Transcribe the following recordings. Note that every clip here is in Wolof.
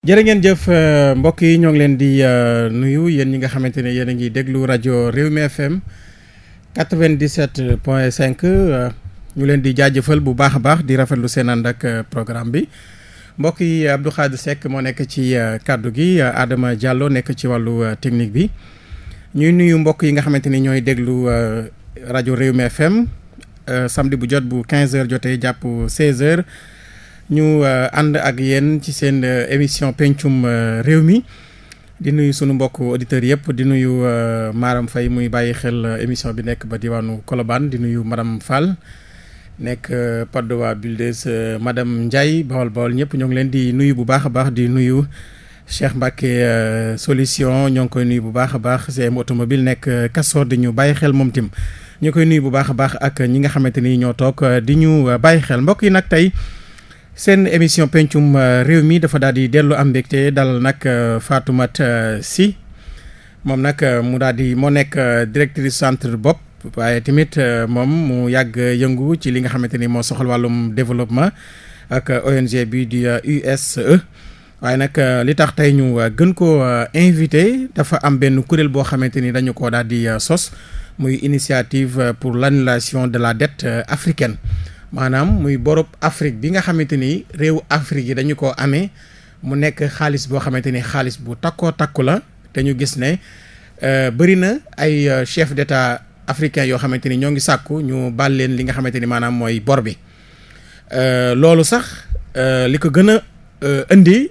jërë ngeen jëf euh, mbokk yi ñoo ngi leen di euh, nuyu yéen ñi nga xamante ne yéen a ngi déglu rajo Rewmi FM 97 point 5 euh, ñu leen di jaajëfal bu baax a baax di rafetlu seen ànd ak programme bi mbokk yi Abdou Khadre Seck moo nekk ci kàddu gi Adama jàlloo nekk ci wàllu technique bi ñuy nuyu mbokk yi nga xamante ni ñooy déglu rajo Rewmi FM samdi bu jot bu 15 heures jotee jàpp 16 heures. ñu euh, ànd ak yéen ci seen euh, émission pencum euh, réew mi di nuyu sunu mbokk auditeurs yëpp di nuyu Maram fay muy bàyyi xel émission bi nekk ba diwaanu Colobane di nuyu madame Fall nekk de Padoa Buldes madame Ndiaye bawol bawol ñëpp ñoo ngi leen di nuyu bu baax a baax di nuyu Cheikh Mbacke solution ñoo koy nuyu bu baax a baax CM automobile nekk Castor di ñu bàyyi xel moom tim ñu koy nuyu bu baax a baax ak ñi nga xamante ni ñoo toog di ñu bàyyi xel mbokk yi nag tey. seen émission pencum euh, réew mi dafa daal di dellu am mbégte dalal nag euh, Fatoumata euh, si moom nag mu daal di moo nekk directrice centre bopp waaye tamit moom mu yàgg yëngu ci li nga xamante ni moo soxal wàllum développement ak ONG bi di USE waaye nag li tax tey ñu gën ko invité dafa am benn kuréel boo xamante ni dañu ko daal di sos muy initiative pour l'annulation de la dette africaine maanaam muy borob Afrique bi nga xamante ni réewu Afrique yi dañu ko amee mu nekk xaalis boo xamante ni xaalis bu takkoo takku la te ñu gis ne euh, bëri na ay euh, chef d'état africain yoo xamante ni ñoo ngi sàkku ñu baal leen li nga xamante ni maanaam mooy bor bi euh, loolu sax li ko gën a indi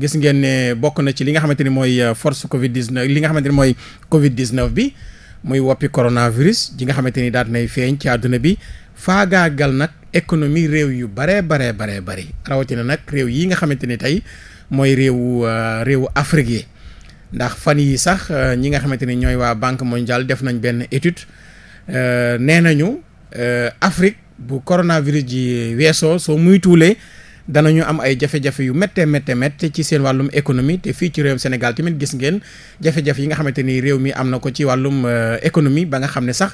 gis ngeen ne bokk na ci li nga xamante ni mooy force Covid 19 li nga xamante ni mooy Covid 19 bi muy woppi coronavirus ji nga xamante ni daal nay feeñ ci àdduna bi faagaagal nag économie réew yu baree baree baree bëri rawatina nag réew yi nga xamante ni tey mooy réewu euh, réewu Afrique yi ndax fan yi sax euh, ñi nga xamante ni ñooy waa banque mondiale def nañ benn étude euh, nee nañu Afrique bu coronavirus ji weesoo soo muy tuulee danañu am ay jafe-jafe yu méttee méttee méttee ci seen wàllum économie te fii ci réewum Sénégal tamit gis ngeen jafe-jafe yi nga xamante ni réew mi am na ko ci wàllum économie ba nga xam ne sax.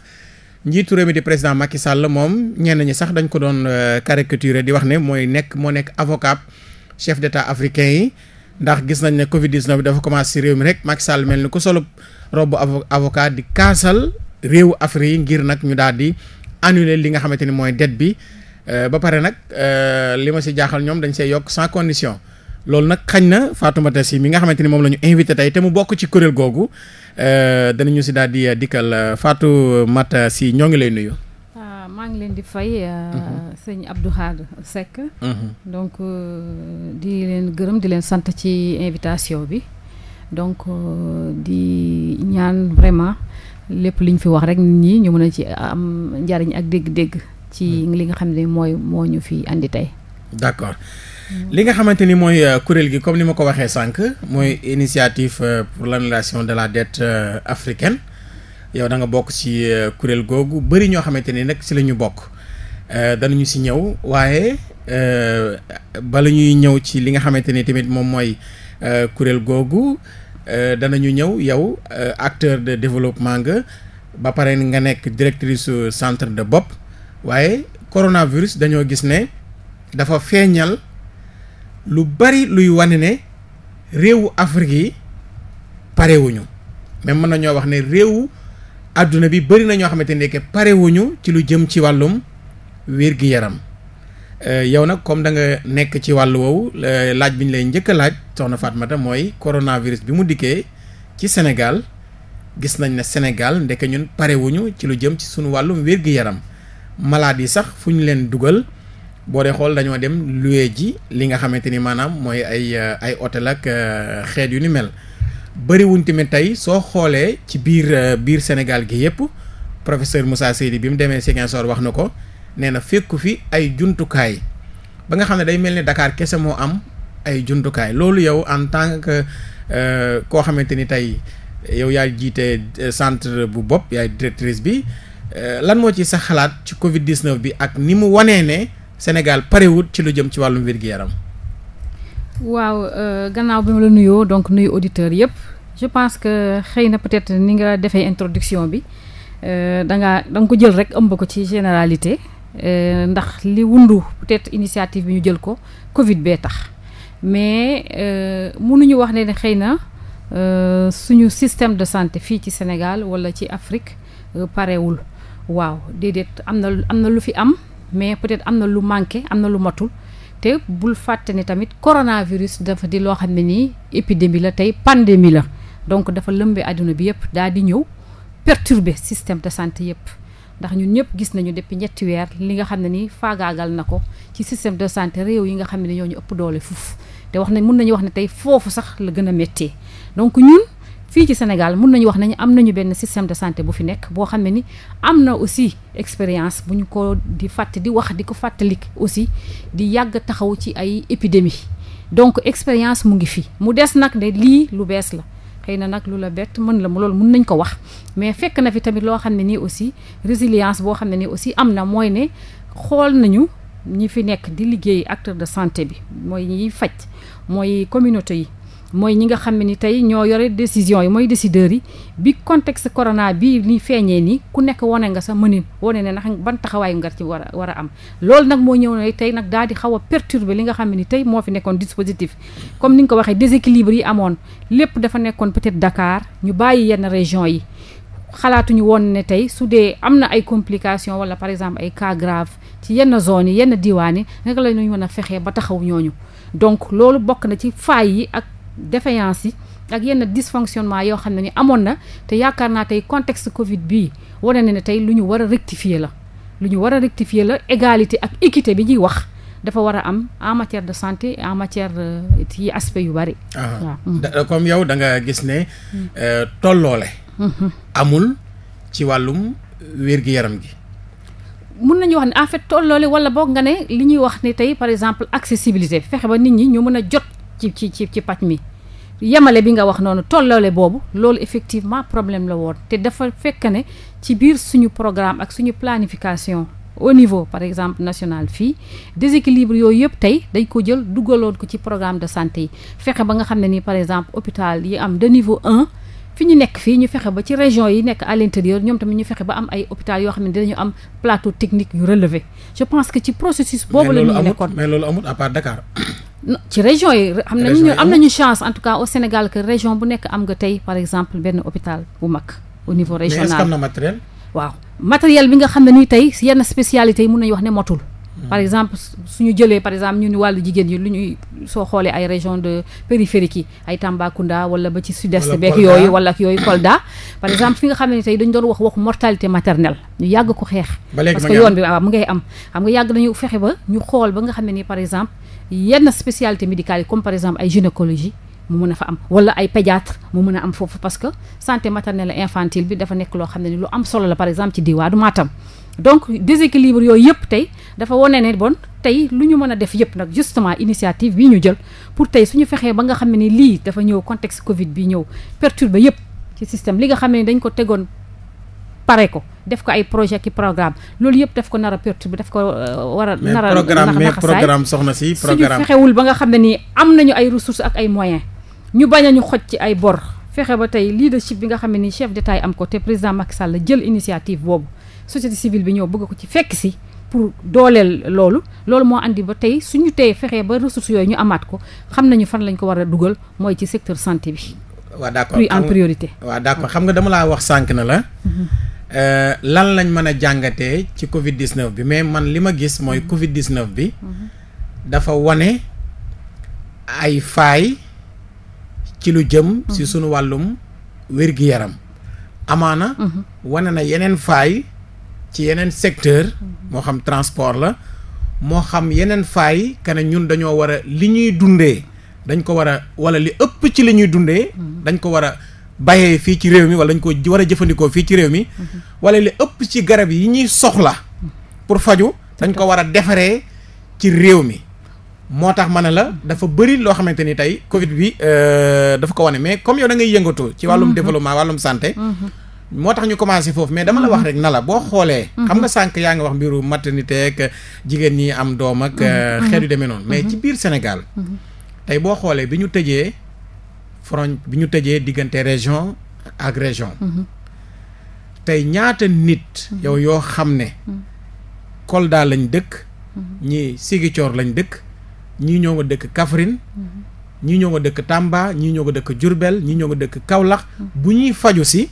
njiitu réew mi di président Macky Sall moom ñeen nañu sax dañ ko doon euh, caricature di wax ne mooy nekk moo nekk avocat chef d' état africain yi ndax gis nañ ne Covid bi dafa commencé si réew mi rek Macky Sall mel ni ku solo robu avocat di kaasal réew Afrique yi ngir nag ñu daal di annuler li nga xamante ni mooy dette bi euh, ba pare nag euh, li ma si jaaxal ñoom dañ see yokk sans condition loolu nag xañ na Fatoumata Sy mi nga xamante ni moom la ñu invité tey te mu bokk ci kuréel googu. %e danañu si daal di euh, dikkal euh, Fatoumata si ñoo ngi lay nuyu. Ah, maa ngi leen di fay. Mhm. sëñ Abdou Khadre Seck. Mhm. donc di leen gërëm di leen sant ci invitation bi donc di ñaan vraiment lépp li ñu fi wax rek nit ñi ñu mën a ci am njariñ ak dégg-dégg. ci mhm. li nga xam ne mooy moo ñu fi andi tey. d'accord. li nga xamante ni mooy euh, kuréel gi comme ni ma ko waxee sànq mooy initiative euh, pour l'annulation de la dette euh, africaine yow da nga bokk ci kuréel googu bëri ñoo xamante ni nag ci lañu ñu bokk danañu ci ñëw waaye bala ñuy ñëw ci li nga xamante ni tamit moom mooy kuréel googu danañu ñëw yow acteur de développement nga ba pare nga nekk directrice centre de bopp waaye coronavirus dañoo gis ne dafa feeñal lu bari luy wane ne réewu Afrique yi parewuñu même mën nañoo wax ne réewu àdduna bi bari na ñoo xamante ne que parewuñu ci lu jëm ci wàllum wér gi yaram euh, yow nag comme da nga nekk ci wàllu woowu euh, laaj bi ñu lay njëkk a laaj soxna Fatmata mooy coronavirus bi mu dikkee ci senegal gis nañ ne Sénégal ndeke ñun parewuñu ci lu jëm ci suñu wàllum wér gi yaram malade yi sax fu ñu leen dugal. boo dee xool dañoo dem loué ji li nga xamante ni maanaam mooy ay euh, ay hôtel ak euh, xeet yu ni mel bëriwuñ tamit tey soo xoolee ci biir euh, biir Sénégal gi yëpp professeur Moussa Seydi bi mu demee Ziguinchor wax na ko nee na fekku fi ay jumtukaay ba nga xam ne day mel ni Dakar kese moo am ay jumtukaay loolu yow en tant que koo xamante ni tey yow yaay jiite centre bu bopp yaay directrice bi lan moo ci sa xalaat ci Covid 19 bi ak ni mu wanee ne. Sénégal parewut ci lu jëm ci wàllum wér gi yaram waaw euh, gannaaw bi ma la nuyoo donc nuy auditeurs yëpp je pense que xëy na peut-être ni nga defee introduction bi euh, dangaa da nga ko jël rek ëmb ko ci généralité euh, ndax li wundu peut initiative bi ñu jël ko Covid bee tax mais ñu wax ne ne xëy na suñu système de santé fii ci Sénégal walla ci Afrique parewul waaw déedéet am na am na lu fi am mais peut-être am na lu manqué am na lu matul te bul fàtte ni tamit coronavirus dafa di loo xam ne nii épidémie la tey pandémie la donc dafa lëmbe àdduna bi yëpp daal di ñëw perturber système de santé yëpp ndax ñun ñëpp gis nañu depuis ñetti weer li nga xam ne ni faagaagal na ko ci système de santé réew yi nga xam ne ñoo ñu ëpp doole fuuf te wax nañ mun nañu wax ne tey foofu sax la gën a méttee donc ñun fii ci Sénégal mun nañu wax nañu am nañu benn système de santé bu fi nekk boo xam ne ni am na aussi expérience bu ñu ko di fàtte di wax di ko fàttalik aussi di yàgg taxaw ci ay épidémie donc expérience mu ngi fii mu des nag ne lii lu bees la xëy na nag lu la bett mën la loolu mën nañ ko wax mais fekk na fi tamit loo xam ne nii aussi résilience boo xam ne nii aussi am na mooy ne xool nañu ñi fi nekk di liggéey acteur de santé bi mooy ñiy faj mooy communauté yi mooy ñi nga xam ne ni tey ñoo yore décision yi mooy décideurs yi bi contexte corona bii ni feeñee nii ku nekk wane nga sa mënin wane ne nag ban taxawaay nga ci war a war a am loolu nag moo ñëw ne tey nag daal di xaw a perturber li nga xam ni tey moo fi nekkoon dispositif comme ni nga ko waxee déséquilibre yi amoon lépp dafa nekkoon peut-être Dakar ñu bàyyi yenn région yi xalaatuñu woon ne tey su dee am na ay complications wala par exemple ay cas grave ci yenn zones yi yenn diwaan yi naka la ñuy mën a fexee ba taxaw ñooñu défaillance yi ak yenn dysfonctionnement yoo xam ne ni amoon na te yaakaar naa tey contexte Covid bii wane na ne tey lu ñu war a rectifier la lu ñu war a rectifier la égalité ak équité bi ñuy wax dafa war a am en matière de santé en matière euh, ci aspect yu bari. Ah. waaw mm. comme yow da nga gis ne. Mm. Euh, tolloole. Mm-hmm. amul ci wàllum wérgu yaram gi. mun nañu wax ne en fait tolloole wala boog nga ne li ñuy wax ne tey par exemple accessibilité fexe ba nit ñi ñu mën a jot. ci ci ci ci paj mi yemale bi nga wax noonu tolloole boobu loolu effectivement problème la woon te dafa fekk ne ci biir suñu programme ak suñu planification au niveau par exemple national fii déséquilibre yooyu yëpp tey dañ ko jël duggaloon ko ci programme de santé yi fexe ba nga xam ne ni par exemple hôpital yi am de niveau un fi ñu nekk fii ñu fexe ba ci région yi nekk à l'intérieur ñoom tamit ñu fexe ba am ay hôpital yoo xam ne dinañu am plateau technique yu relevé je pense que ci processus boobu la ñu nekkoon mais loolu amul à ci région yi am nañu am nañu chance en tout cas au Sénégal que région bu nekk am nga tey par exemple benn hôpital bu mag au niveau régional na matériel waaw matériel bi nga xam ne nii tey si yenn spécialités yi mun nañu wax ne motul hmm. par exemple su ñu jëlee par exemple ñu ni wàllu jigéen yi lu ñuy soo xoolee ay région de périphérique yi ay Tambacounda wala ba ci sud-est beek yooyu wala ak yooyu Kolda par exemple fi nga xam ne tey dañ doon wax waxu mortalité maternelle ñu yàgg ko xeex parce que yoon bi waaw mu ngay am xam nga yàgg nañu fexe ba ñu xool ba nga xam ne nii par exemple yenn spécialité médical yi comme par exemple ay gynécologie mu mën a fa am wala ay pédiatre mu mën a am foofu parce que santé maternelle infantile bi dafa nekk loo xam ne ni lu am solo la par exemple ci diwaanu Matam donc déséquilibre yooyu yëpp tey dafa wane ne bon tey lu ñu mën a def yëpp nag justement initiative bi ñu jël pour tey suñu fexee ba nga xam ne ni lii dafa ñëw contexte Covid bi ñëw perturbé yëpp ci système li nga xam ne ni dañ ko tegoon pare ko def ko ay projet ki programme loolu yëpp def ko nar a perturbe def ko euh, war a nar a programme mais programme soxna si programme suñu fexewul ba nga xam ne nii am nañu ay ressources ak ay moyens ñu bañ a ñu xoj ci ay bor fexe ba tey leadership bi nga xam ne nii chef d'état am ko te président Macky Sall la jël initiative boobu société civile bi ñëw bëgg ko ci fekk si pour dooleel loolu loolu moo andi ba tey suñu tey fexee ba ressources yooyu ñu amaat ko xam nañu fan lañ ko war a dugal mooy ci secteur santé bi. waaw d'accord en priorité. waaw d'accord xam nga dama laa wax sànq na la. Mhm. Euh, lan lañ mën a jàngatee ci Covid 19 bi mais man li ma gis mooy mm-hmm. Covid 19 bi. Mm-hmm. dafa wane ay faay ci lu jëm. si mm-hmm. sunu wàllum wérgi yaram. amaana. wane na yeneen faay ci yeneen secteur. moo xam transport la. moo xam yeneen faay kana ñun dañoo war a li ñuy dundee dañ ko war a wala li ëpp ci li ñuy dundee. dañ ko war bayee fii ci réew mi wala dañ ko war a jëfandikoo fii ci réew mi mhm. wala li ëpp ci garab yi ñuy soxla pour faju dañ ko war a defaree ci réew mi moo tax ma ne la dafa bëri loo xamante ni tey Covid bi euh, dafa ko wane mais comme yow da ngay yëngatu ci wàllum mhm. développement wàllum santé mhm. moo tax ñu commencé foofu mais dama la wax rek na la boo xoolee xam nga sànq yaa ngi wax mbiru maternité ak jigéen ñi am doom ak euh, xeet yu demee noonu mais ci biir Sénégal tey boo xoolee bi ñu tëjee front bi ñu tëjee diggante région ak région tey ñaata nit yow yoo xam ne Kolda lañ dëkk ñi Sigicoor lañ dëkk ñii ñoo nga dëkk Kaffrine ñii ñoo nga dëkk Tamba ñi ñoo nga dëkk Diourbel ñi ñoo nga dëkk kawlax bu ñuy faju si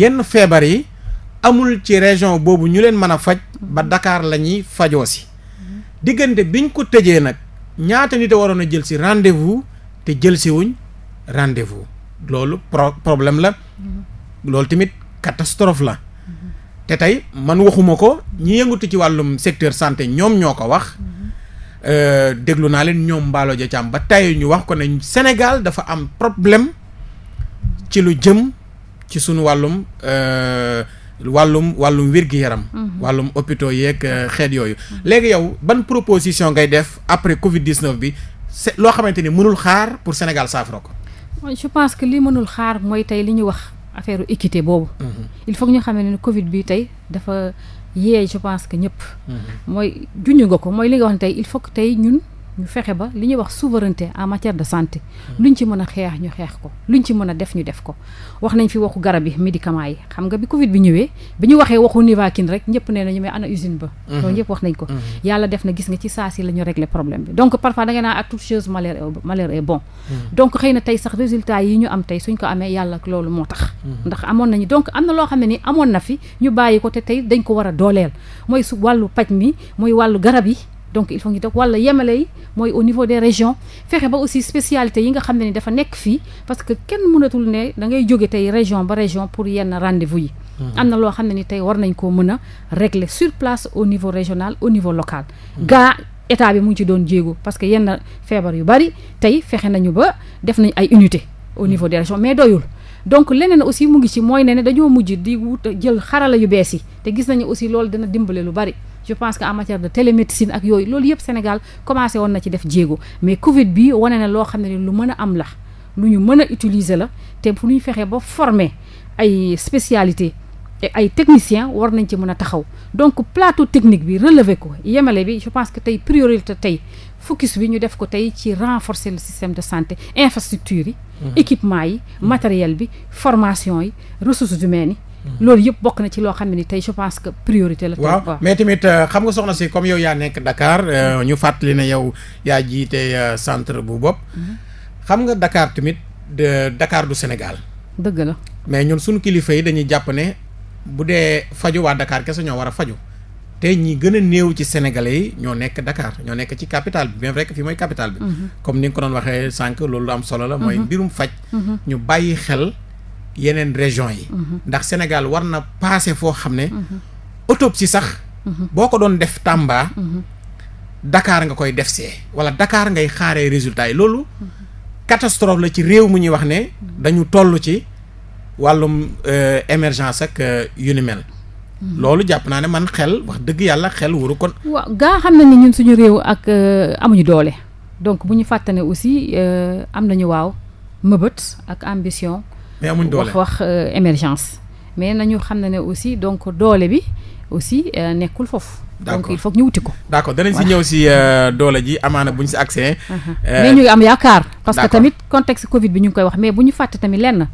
yenn feebar yi amul ci région boobu ñu leen mën a faj ba dakaar la ñuy fajoo si diggante biñ ko tëjee nag ñaata nit a waroon a jël si rendez-vous te jël si rendez-vous loolu pro problème la mm-hmm. loolu tamit catastrophe la mm-hmm. te tey man waxuma ko ñi yëngatu ci wàllum secteur santé ñoom ñoo ko wax mm-hmm. euh, déglu naa leen ñoom mbaalo ja càmm ba tey ñu wax ko ne Sénégal dafa am problème ci lu jëm ci sunu wàllum euh, wàllum wàllum wér-gi-yaram wàllum hôpitaux yeeg euh, xeet yooyu léegi yow ban proposition ngay def après covid bi bi loo xamante ni mënul xaar pour Sénégal saafara ko je pense que li mënul xaar mooy tey li ñu wax affaire équité boobu. Mm-hmm. il faut ñu xamee ne Covid bi tey dafa yee je pense que ñëpp. Mm-hmm. mooy junj nga ko mooy li nga wax ne tey il faut que tey ñun. ñu fexe ba li ñuy wax souverainté en matière de santé luñ ci mën a xeex ñu xeex ko luñ ci mën a def ñu def ko wax nañ fi waxu garab yi médicaments yi xam nga bi covid bi ñëwee bi ñu waxee waxu Nivaquine rek ñëpp nee nañu mais ana usine ba mhm. loolu ñëpp wax nañ ko mhm. yàlla def na gis nga ci saa si la ñu régler problème bi donc parfois da ngay naan à toute chose malheur malheur bon mhm. donc xëy na tey sax résultat yi ñu am tey suñ ko amee yàlla loolu moo tax ndax amoon nañu donc am na loo xam ne ni amoon na fi ñu bàyyi ko te dañ ko war dooleel mooy su wàllu paj mi mooy wàllu garab yi donc il faut ñu def wala yemale yi mooy au niveau des région fexe ba aussi spécialité yi nga xam ne ni dafa nekk fii parce que kenn mënatul ne da ngay jóge tey région ba région pour yenn rendez-vous yi. Hmm. am na loo xam ne ni tey war nañ koo mën a régler sur place au niveau régional au niveau local. gaa état bi mu ngi ci doon jéego parce que yenn feebar yu bari tey fexe nañu ba def nañ ay unité au niveau des régions mais doyul. donc leneen aussi mu ngi ci mooy ne ne dañoo mujj di wut jël xarala yu bees yi te gis nañu aussi loolu dina dimbale lu bari. je pense que en matière de télémédecine ak yooyu loolu yëpp Sénégal commencé woon na ci def jéego mais Covid bi wane na loo xam ne lu mën a am la lu ñu mën a utiliser la te fu lu ñu fexee ba former ay spécialité ay technicien war nañ ci mën a taxaw donc plateau technique bi relever ko yemale bi je pense que tey priorité tey focus bi ñu def ko tey ci renforcer le système de santé infrastructure yi mhm. équipement yi mhm. matériel bi formation yi ressources humaines yi loolu yëpp bokk na ci loo xam ne tey je pense que priorité la. waaw mais tamit euh, xam nga soxna si comme yow yaa nekk Dakar euh, mm-hmm. ñu fàttali na yow yaa jiite euh, centre bu bopp. Mm-hmm. xam nga dakaar tamit de Dakar du Sénégal. dëgg la mais ñoom suñu kilifa yi dañuy jàpp ne bu dee faju waa Dakar kese ñoo war a faju te ñi gën a néew ci sénégalais yi ñoo nekk Dakar ñoo nekk ci capital bi bien vrai que fii mooy capital bi. Mm-hmm. comme ni nga ko doon waxee sànq loolu lu am solo la. mooy mbirum faj. ñu bàyyi xel. yeneen région yi ndax Sénégal war na paase foo xam ne autopsie sax boo ko doon def Tamba dakaar nga koy def see wala dakaar ngay xaaree résultat yi loolu catastrophe la ci réew mu ñuy wax ne dañu toll ci wàllum euh, émergence ak euh, yu ni mel loolu jàpp naa ne man xel wax dëgg yàlla xel waru kon waaw gaa xam na ni ñun suñu réew ak euh, amuñu doole donc bu ñu fàttane aussi am nañu waaw mëbët ak ambition mais amuñ doole wax wax euh, émergence. mais nañu xam ne ne aussi donc doole bi aussi euh, nekkul foofu. donc il faut que ko. d' accord danañ si ñëw si euh, doole ji amaana bu ñu si accès. Uh-huh. mais ñu ngi am yaakaar. parce que tamit contexte Covid bi ñu ngi koy wax mais bu ñu fàtte tamit lenn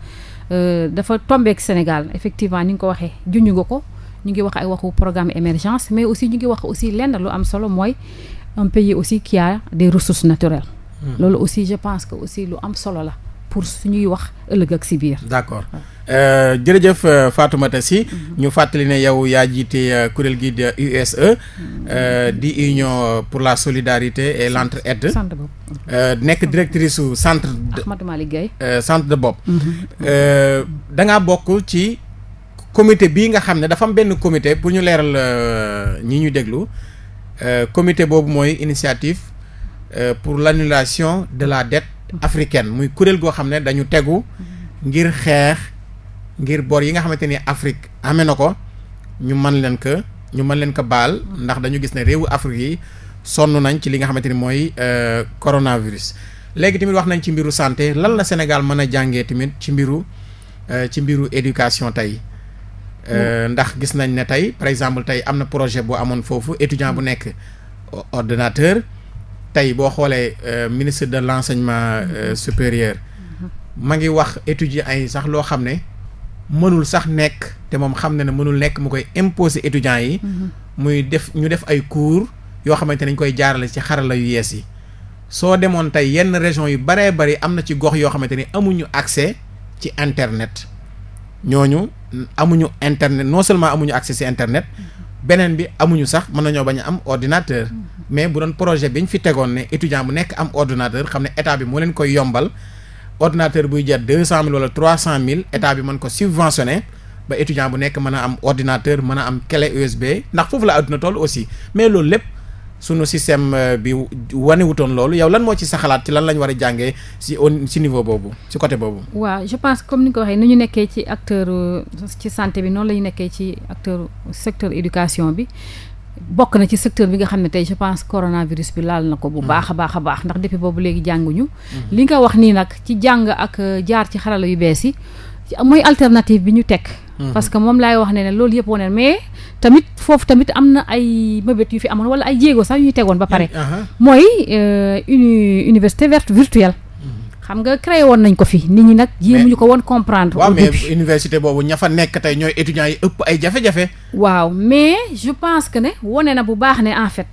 dafa tombeek Sénégal effectivement ni nga ko waxee juñu nga ko ñu ngi wax ay waxu programme émergence mais aussi ñu ngi wax aussi lenn lu am solo mooy un pays aussi qui a des ressources naturelles. Hmm. loolu aussi je pense que aussi lu am solo la. pour ñuy wax ëllëg ak si biir. d'accord euh, jërëjëf euh, Fatoumata Sy mm-hmm. ñu fàttali ne yow yaa jiite euh, kuréel gi de USE. Mm-hmm. di union pour la solidarité et l'entraide. centre boobu nekk directrice su centre. Ahmadou Malick Gueye de Bopp. Mm-hmm. da ngaa bokk ci comité bii nga xam ne dafa am benn comité pour ñu leeral ñi ñu déglu comité boobu mooy initiative pour l'annulation de la dette. africaine muy kuréel goo xam ne dañu tegu ngir xeex ngir bor yi nga xamante ni Afrique amee na ko ñu mën leen ko ñu mën leen ko baal ndax dañu gis ne réewu Afrique yi sonn nañ ci li nga xamante ni mooy euh, coronavirus. léegi tamit wax nañ ci mbiru santé lan la Sénégal mën a jàngee tamit ci mbiru euh, ci mbiru éducation tey euh, mm. ndax gis nañ ne tey par exemple tey am na projet boo amoon foofu étudiant bu nekk ordinateur. tey boo xoolee euh, ministre de l'enseignement euh, supérieur ma ngi wax étudiants ay sax loo xam ne mënul sax nekk te moom xam na ne mënul nekk mu koy imposer étudiants yi muy def ñu def ay cours yoo xamante nañ koy jaarale ci xarala yu yees yi soo demoon tey yenn région yu baree bari am na ci gox yoo xamante ni amuñu accès ci internet ñooñu amuñu internet non seulement amuñu accès ci internet beneen bi amuñu sax mën nañoo bañ a am ordinateur mais bu doon projet bi ñu fi tegoon ne étudiant bu nekk am ordinateur xam ne état bi moo leen koy yombal ordinateur buy jar deux cent mille wala trois cent mille état bi man ko subventionné ba étudiant bu nekk mën a am ordinateur mën a am clé USB ndax foofu la àdduna toll aussi mais loolu lépp sunu système euh, bi wanewutoon loolu yow lan moo ci sa xalaat ci lan lañ war a jàngee si si niveau boobu ci côté boobu. waaw je pense comme ni nga ko waxee ni ñu nekkee ci acteur euh, ci santé bi noonu la ñu nekkee ci acteur secteur éducation bi. bokk na ci secteur bi nga xam ne tey je pense coronavirus bi laal na ko bu hmm. baax a baax a baax ndax depuis boobu léegi jànguñu hmm. li nga wax nii nag ci jàng ak euh, jaar ci xarala yu bees yi mooy alternative bi ñu teg hmm. parce que moom laay wax ne ne loolu yëpp wone mais tamit foofu tamit am na ay mëbét yu fi amoon wala ay jéego sax yu ñu tegoon ba pare mooy euh, une université verte virtuelle xam nga créé woon nañ ko fii nit ñi nag jéemuñu ko woon comprendre waaw mais université boobu ña fa nekk tey ñooy étudiants yi ëpp ay jafe-jafe waaw mais je pense que ne wone na bu baax ne en fait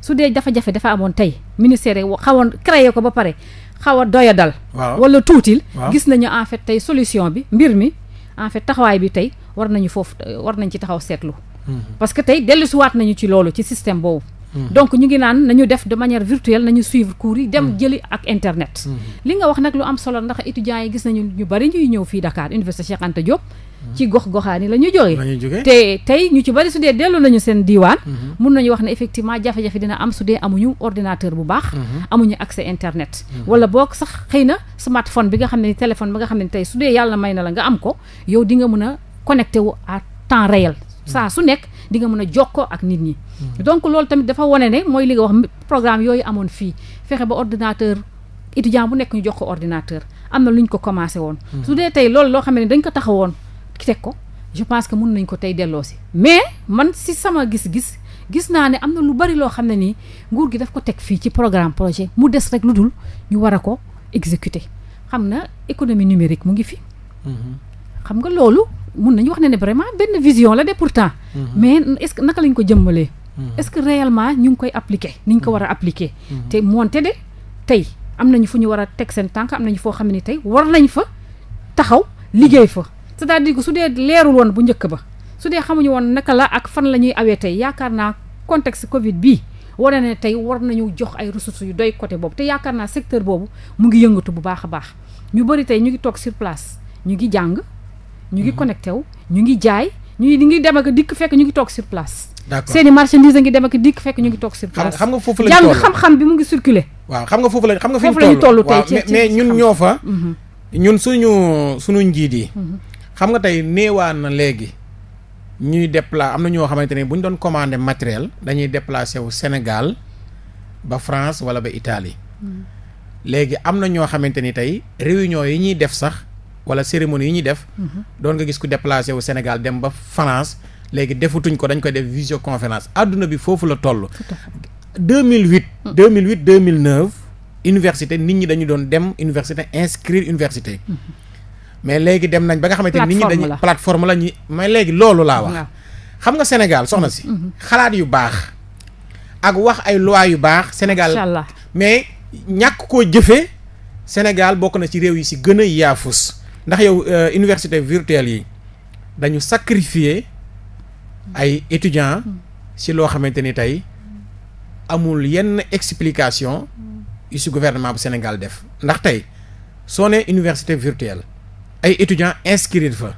su dee jafe-jafe dafa amoon tey ministère yi xawoon créé ko ba pare xaw a doya dal wala tuutil gis nañu en fait tey solution bi mbir mi en fait taxawaay bi tey war nañu foofu war nañ ci taxaw seetlu hmm. parce que tey dellusiwaat nañu ci loolu ci système boobu Mm. donc ñu ngi naan nañu def de manière virtuel nañu suivre cours yi dem mm. jëli ak internet mm-hmm. li nga wax nag lu am solo ndax étudiants yi gis nañu ñu bari ñuy ñëw fii dakaar Université Cheikh Anta Diop mm. ci gox goxaan yi la ñu jógee te tey ñu ci bari su dee dellu nañu seen diiwaan mm-hmm. mun nañu wax ne effectivement jafe-jafe dina am su dee amuñu ordinateur bu baax mm-hmm. amuñu accès internet wala boog sax xëy na smartphone bi nga xam ne téléphone bi nga xam ne tey su dee yàlla na la nga am ko yow di nga mën a wu à temps réel di nga mën a jokkoo ak nit ñi. Hmm. donc loolu tamit dafa wane ne mooy li nga wax programme yooyu amoon fii fexe ba ordinateur étudiant bu nekk ñu jox ko ordinateur am na lu ñu ko commencé woon. Hmm. su dee tey loolu loo xam ne dañ ko taxawoon teg ko je pense que mun nañ ko tey delloo si mais man si sama gis-gis. gis naa ne am na lu bari loo xam ne nii nguur gi daf ko teg fii ci programme projet mu des rek lu dul ñu war a ko exécuter xam na économie numérique mu ngi fi. Hmm. xam nga loolu mun nañu wax ne ne vraiment benn vision la de pourtant. Mm-hmm. mais est-ce que naka lañ ko jëmmalee. Mm-hmm. est-ce que réellement ñu ngi koy appliquer ni ñu ko war a mm-hmm. appliquer. te moonte de tey am nañu fu ñu war a teg seen tànk am nañu foo xam ne tey war nañu fa taxaw liggéey fa c'est-à-dire su dee leerul woon bu njëkk ba su dee xamuñu woon naka la ak fan la ñuy awee tey yaakaar naa contexte Covid bii. wane ne tey war nañu jox ay ressources yu doy côté boobu te yaakaar naa secteur boobu mu ngi yëngatu bu baax a baax ñu bari tey ñu ngi toog sur place ñu ngi jàng ñu ngi mhm. connecté wu ñu ngi jaay ñu ngi dem ak dikk fekk ñu ngi toog sur place. d'accord seeni marchandise a ngi dem ak dikk fekk ñu ngi toog sur place. xam nga foofu lañ toll jàng xam-xam bi mu ngi circuler waaw xam nga foofu lañ xam nga fi ñu toll tey ci mais ñun ñoo fa. Mhm. ñun suñu suñu njiit yi. Mhm. xam nga tey néewaan na léegi. ñuy déplacé am na ñoo xamante ne bu ñu doon commandé matériel dañuy déplacé wu Sénégal ba France wala ba Italie léegi am na ñoo xamante ni tey réunion yi ñuy def sax wala cérémonie yi ñuy def. Mhm. doon nga gis ku déplacé wu Sénégal dem ba France léegi defutuñ ko dañ koy def visioconférence àdduna bi foofu la toll. 2008. 2008 2009 université nit ñi dañu doon dem université inscrire université. Mhm. mais léegi dem nañ ba nga xamante ni nit ñi dañuy plateforme la ñuy mais léegi loolu laa wax. xam nga Sénégal soxna si. Mhm. xalaat yu baax. ak wax ay loi yu baax. Sénégal mais ñàkk ko jëfee. Sénégal bokk na ci réew yi si gën a yaafus. ndax yow euh, université virtuelle yi dañu sacrifier ay étudiants si loo xamante ni tey amul yenn explication yu ci gouvernement bu Sénégal def ndax tey soo nee université virtuelle ay étudiants inscrire fa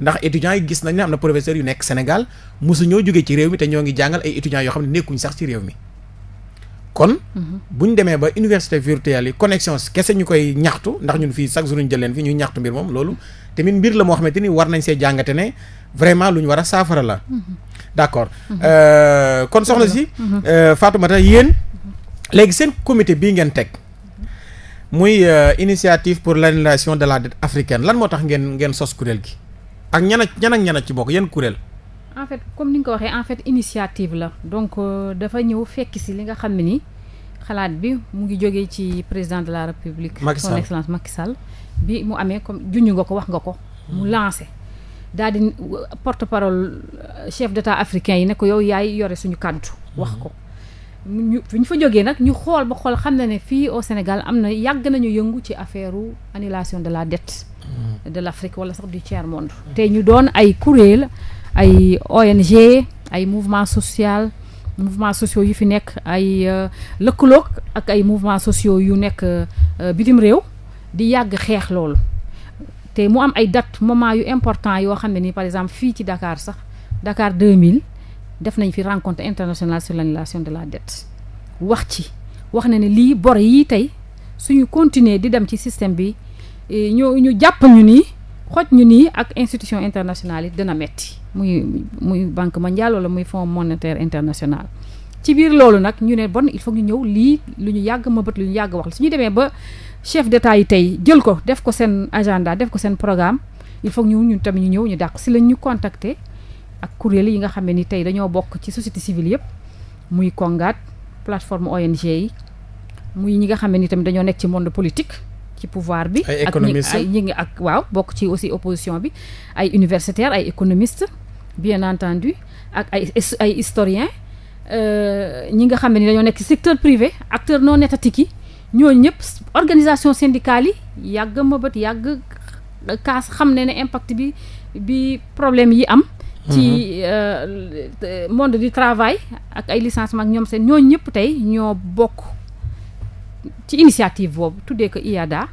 ndax étudiants yi gis nañ ne am na professeurs yu nekk Sénégal mosu ñoo jógee ci réew mi te ñoo ngi jàngal ay étudiants yoo xam ne nekkuñ sax ci réew mi. kon mhm. bu ñu demee ba université virtuelle yi connexion kese ñu koy ñaxtu ndax ñun fii chaque jour ñu jël leen fii ñuy ñaxtu mbir moom loolu tamit mbir la moo xamante ni war nañ see jàngate ne vraiment lu ñu war a saafara la mhm. d'accord mhm. Euh, kon soxla si euh, Fatoumata yéen léegi seen comité bii ngeen teg muy euh, initiative pour l'annulation de la dette africaine lan moo tax ngeen ngeen sos kuréel gi ak ñan ak ñan ci bokk yéen kuréel en fait comme ni nga waxee en fait initiative la donc euh, dafa ñëw fekk si li nga xam ne ni xalaat bi mu ngi jóge ci président de la république. Macky Sall son excellence Macky bi mu amee comme junj nga ko wax nga ko. mu hmm. lancé daal di euh, porte parole euh, chef d' état africain yi ne ko yow yaay yore suñu kàddu. wax hmm. ko ñu ñu fa jógee nag ñu xool ba xool xam na ne fii au Sénégal am na yàgg nañu yëngu ci affaire annulation de la dette. Hmm. de l' Afrique wala sax du tiers monde. te ñu doon ay ONG ay mouvement social mouvement sociaux yu fi nekk ay euh, lëkkaloog ak ay mouvement sociaux yu nekk euh, bitim réew di yàgg xeex loolu te mu am ay date moment yu important yoo xam ne nii par exemple fii ci dakaar sax Dakar 2000 def nañ fi rencontre international sur l'annulation de la dette wax ci wax na ne lii bor yii tey suñu continuer di dem ci système bi eh, ñu ñu jàpp ñu nii xoj ñu nii ak institution internationale yi dina metti muy muy banque mondiale wala muy fonds monétaire international ci biir loolu nag ñu ne bon il faut ñu ñëw lii lu ñu yàgg ma bët lu ñu yàgg wax su ñu demee ba chef d'état yi tey jël ko def ko seen agenda def ko seen programme il faut ñu ñun tamit ñu ñëw ñu dàq si lañ ñu contacter ak kuréel yi nga xam ne ni tey dañoo bokk ci société civile yëpp muy Kongat plateforme ONG yi muy ñi nga xam ne ni tamit dañoo nekk ci monde politique ci pouvoir bi. ay économistes ak ak waaw bokk ci aussi opposition bi ay universitaires ay économistes bien entendu ak ay ay historiens euh, ñi nga xam ne dañoo nekk secteur privé acteur non étatique yi ñooñu ñëpp organisation syndicale yi yàgg mëbët yàgg kaas xam ne ne impact bi bi problème yi am. ci mhm. euh, euh, monde du travail ak ay licenciements ak ñoom seen ñooñ ñëpp tey ñoo bokk. ci initiative boobu tuddee ko IADA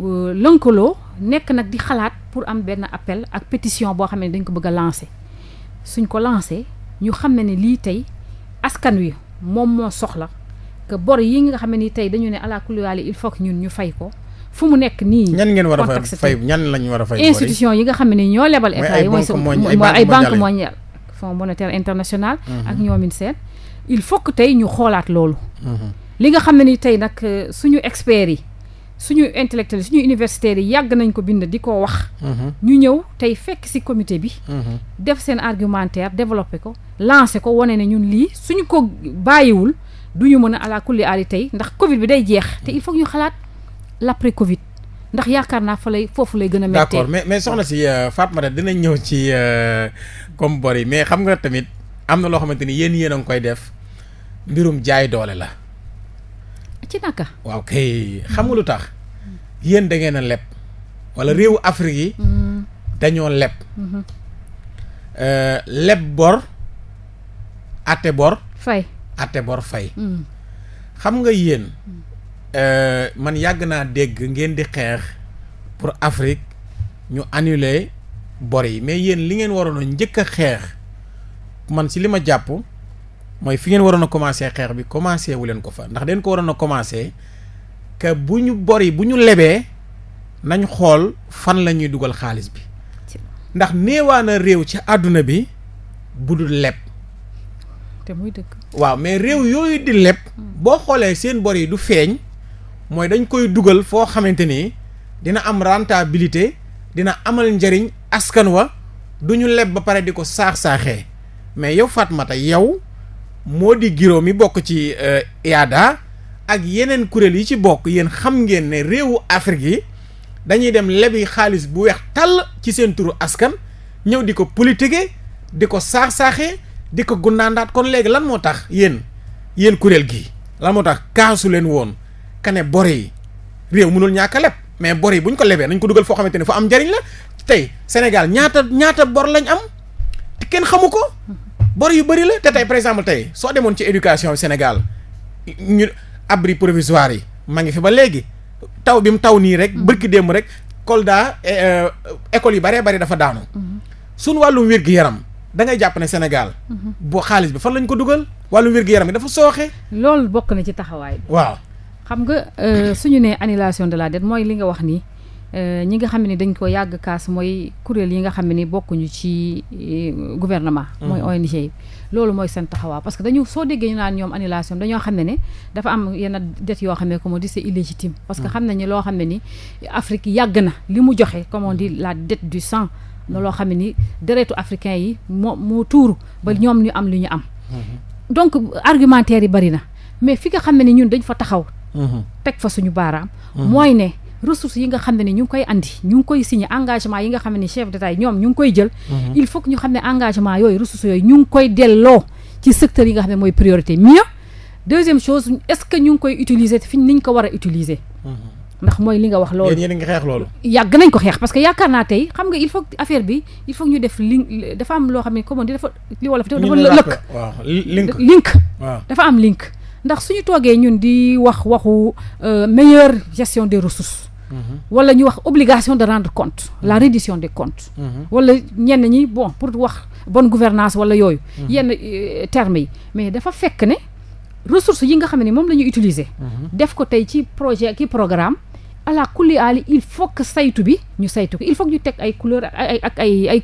euh, lënkaloo nekk nag di xalaat pour am benn appel ak pétition boo xam ne dañ ko bëgg a lancer suñ ko lancer ñu xam ne ne lii tey askan wi moom moo soxla que bor yi nga xam ne ni tey dañu ne ala kulli il faut que ñun ñu fay ko fu mu nekk nii. ñan ngeen war a fay ñan lañ war a fay institution yi nga xam ne ñoo lebal état yi mooy ay banque mondiale fonds monétaire international mm-hmm. ak ñoomin seen il faut que tey ñu xoolaat loolu mm-hmm. li nga xam ne ni tey nag euh, suñu experts yi suñu intellectuels yi suñu universitaires yi yàgg nañ ko bind di ko wax mhm. ñu ñëw tey fekk ci comité bi mhm. def seen argumentaire développé ko lancé ko wane ne ñun lii suñu ko bàyyiwul du ñu mën a ala kulli aali tey ndax covid bi day jeex te il faut ñu xalaat l'après covid ndax yaakaar naa fa lay foofu lay gën a méttee d'accord mais mais soxna si euh, Fatmata dinañ ñëw ci euh, comme bor yi mais xam nga tamit am na loo xamante ni yéen yéen a ngi koy def mbirum jaay doole la ci naka. waaw kay xam nga lu tax yéen dangeen leb wala réewu Afrique yi. Mm-hmm. dañoo leb. Mm-hmm. Euh, leb bor atte bor. fay mm. xam nga yéen mm. euh, man yàgg naa dégg ngeen di xeex pour Afrique ñu annuler bor yi mais yéen li ngeen waroon njëkk a xeex man si li ma jàpp. mooy fi ngeen waroon a commencé xeex bi commencé wu leen ko fa ndax den ko waroon a commencé que bu ñu bori bu ñu lebee nañ xool fan la ñuy dugal xaalis bi ndax néewaana réew ci àdduna bi bu dul leb. te muy waaw mais réew yooyu di leb. boo xoolee seen bor yi du feeñ. mooy dañ koy dugal foo xamante ni dina am rentabilité dina amal njëriñ askan wa du ñu leb ba pare di ko saax saaxee mais yow Fatmata yow. moo di Giro mi bokk ci euh, IADA ak yeneen kuréel yi ci bokk yéen xam ngeen ne réewu Afrique yi dañuy dem lebi xaalis bu weex tàll ci seen turu askan ñëw di ko politique di ko saax-saaxee di ko gunnaandaat kon léegi lan moo tax yéen yéen kuréel gi lan moo tax kaasu leen woon kane bor yi réew mënul ñàkk a leb mais bor buñ ko lebee nañ ko dugal foo xamante ne foo am njariñ la tey Sénégal ñaata ñaata bor lañ am te kenn xamu ko bor yu bëri la te tey par exemple tey soo demoon ci éducation Sénégal ñu abri provisoire yi ma ngi fi ba léegi taw bi mu taw nii rek mm. bërki démb rek Kolda eh, eh, école yu baree bari dafa daanu mm-hmm. suñu wàllum wér yaram da ngay jàpp ne Sénégal mm-hmm. boo xaalis bi fan lañ ko dugal wàllum wér yaram bi dafa sooxe loolu bokk na ci taxawaay bi waaw xam nga euh, suñu ne annulation de la dette mooy li nga wax nii Euh, ñi nga xam ne dañ ko yàgg kaas mooy kuréel yi nga xam ne bokkuñu ci euh, gouvernement. Mmh. mooy ONG yi loolu mooy seen taxawaa parce que dañu soo déggee ñu naan ñoom annulation dañoo xam ne ne dafa am yenn dette yoo xam ne comme on dit illégitime. parce que mmh. xam nañu loo xam ne ni Afrique yàgg na li mu joxe comme on la dette du sang. na mmh. loo xam ne ni deretu africain yi moo moo tuuru ba ñoom ñu am li ñu am. donc argumentaire yi bari na mais fi nga xam ne ni ñun dañu fa taxaw. teg fa suñu baaraam. ne. ressources yi nga xam ne ñu ngi koy andi ñu ngi koy signé engagement yi nga xam ne chef d'état yi ñoom ñu ngi koy jël mhm. il faut que ñu xam ne engagement yooyu ressources yooyu ñu ngi koy delloo ci secteur yi nga xam ne mooy priorité mieux deuxième chose est-ce que ñu ngi koy utiliser fi niñ ko war a utiliser mhm. ndax mooy li nga wax loolu yéen ngi xeex loolu yàgg nañ ko xeex parce que yaakaar naa tey xam nga il faut affaire bi il faut ñu def link dafa am loo xam ne comment di dafa li wolof dafa lëkk link dafa am link ndax suñu toogee ñun di wax waxu euh, meilleure gestion des ressources wala ñu wax obligation de rendre compte la mhm. reddition des comptes mhm. wala ñenn ñi bon pour wax bonne gouvernance wala yooyu mhm. yenn euh, termes yi mais dafa fekk ne ressources yi nga xam ne moom la ñu utiliser def ko tey ci projet ki programme ala kulli aali il faut que saytu bi ñu saytu ko il faut ñu teg ay couleur ak ay ay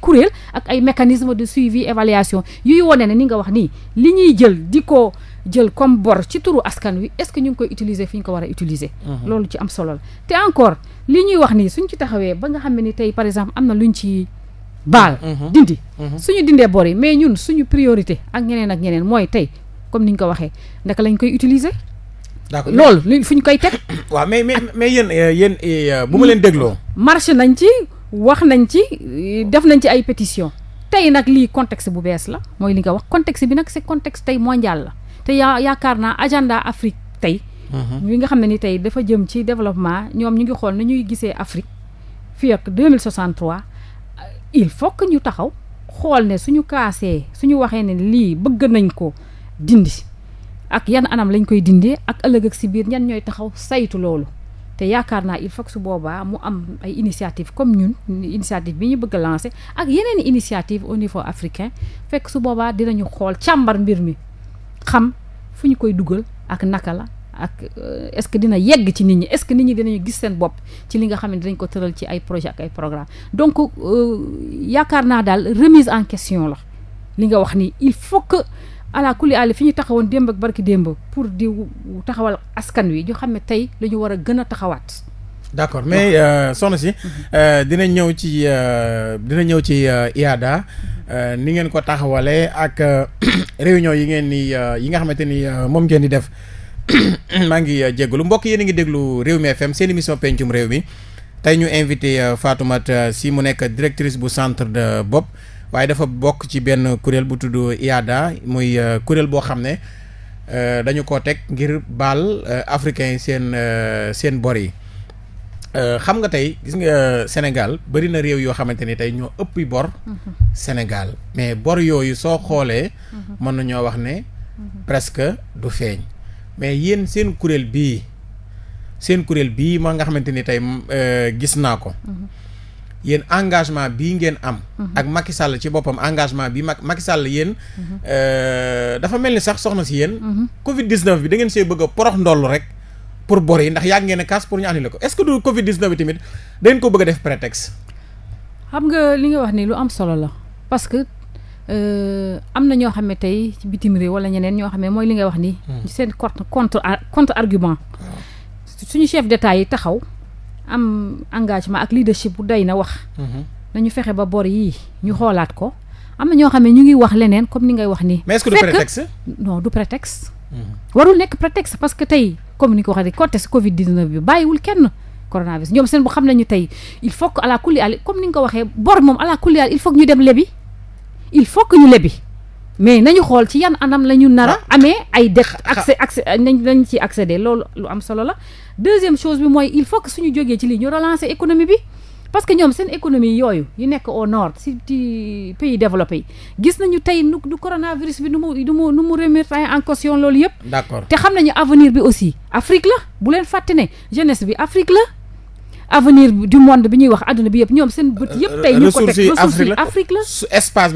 ak ay mécanisme de suivi évaluation yuy wone ne ni nga wax nii li ñuy jël di ko jël comme bor ci turu askan wi est-ce que ñu ngi koy utiliser fu ñu ko war a utiliser. Mhm. loolu ci am solo la te encore li ñuy wax nii suñ ci taxawee ba nga xam ne ni tey par exemple am na luñ ci baal. Mhm. dindi mhm. suñu dindee bor yi mais ñun suñu priorité ak ñeneen ak ñeneen mooy tey comme ni ñu ko waxee ndaka lañ koy utiliser. d'accord loolu li fu ñu koy teg. waaw mais mais mais yéen euh, yéen euh, bu ma leen dégloo. marché nañ ci wax nañ ci euh, def nañ ci ay pétition tey nag lii contexte bu bees la mooy li nga wax contexte bi nag c'est contexte tey mondial la. te yaa yaakaar naa agenda Afrique tey. bi mhm. nga xam ne ni tey dafa jëm ci développement ñoom ñu ngi xool na ñuy gisee Afrique fii ak 2063 euh, il faut que ñu taxaw xool ne suñu kaasee suñu waxee ne lii bëgg nañ ko dindi ak yan anam lañ koy dindee ak ëllëg ak si biir ñan ñooy taxaw saytu loolu te yaakaar naa il faut que su boobaa mu am ay initiative comme ñun initiative bi ñu bëgg a lancer ak yeneen initiative au niveau africain fekk su boobaa dinañu xool càmbar mbir mi xam fu ñu koy dugal ak naka la ak euh, est-ce que dina yegg ci nit ñi est-ce que nit ñi dinañu gis seen bopp ci li nga xam ne dinañ ko tëral ci ay projet ak ay programme donc euh, yaakaar naa daal remise en question la li nga wax ni il faut que ala kulli àlli fi ñu taxawoon démb ak barki démb pour di taxawal askan wi ñu xam ne tey la ñu war a gën a taxawaat d'accord mais euh, soxna si mm-hmm. dina ñëw ci dina ñëw ci IADA Euh, ni ngeen ko taxawalee ak euh, réunion yi ngeen ni euh, yi nga xamante ni moom ngeen di def maa ngi jégalu mbokk yéen a ngi déglu réew Rewmi FM seen émission pencum réew mi tey ñu invité Fatoumata si mu nekk directrice bu centre de bopp waaye dafa bokk ci benn kuréel bu tudd IADA muy kuréel boo xam ne dañu ko teg ngir baal africain seen seen bor yi. Euh, xam nga tey gis nga euh, Sénégal bari na réew yoo xamante ni tey ñoo ëppi bor. Sénégal mais bor yooyu soo xoolee. mën nañoo wax ne. presque du feeñ. mais yéen seen kuréel bii seen kuréel bii ma nga xamante ni tey euh, gis naa ko. yéen engagement bii ngeen am. ak Macky Sall ci boppam engagement bi Macky Macky Sall yéen. dafa mel ni sax soxna si yéen. Mhm. Covid 19 bi da ngeen see bëgg a porox ndollu rek. pour bor yi ndax yàgg ngeen a kaas pour ñu xam nga li nga wax ni lu am solo la parce que euh, am na ñoo xam ne tey ci bitim réew wala ñeneen ñoo xam ne mooy li ngay wax ni. Hmm. seen contre contre contre argument. Hmm. suñu chef d'état yi taxaw am engagement ak leadership bu day na wax. Hmm. nañu fexe ba bor yii ñu xoolaat ko am na ñoo xam ne ñu ngi wax leneen comme ni ngay wax nii. mais est-ce que du prétexte warul nekk prétexte parce que tey. comme ni ko waxee contexte Covid 19 bi bàyyiwul kenn coronavirus ñoom seen bu xam nañu tey il faut que ala kulli al comme ni nga ko waxee bor moom ala kulli al il faut que ñu dem lebi il faut que ñu lebi mais nañu xool ci yan anam la ñu nar a ah. amee ay dette ah, ah. accès accès euh, nañ nañ ci accéder loolu lu am solo la deuxième chose bi mooy il faut que suñu jógee ci lii ñu relancer économie bi parce que ñoom seen économie yooyu yi nekk au nord si ci pays développé yi gis nañu tey nu du coronavirus bi nu mu nu mu nu mu remettre en caution loolu yëpp. d'accord te xam nañu avenir bi aussi Afrique la bu leen fàtte ne jeunesse bi Afrique la. avenir du monde bi ñuy wax àdduna bi yëpp ñoom seen bët yëpp tey ñu ko teg ressources yi Afrique la espace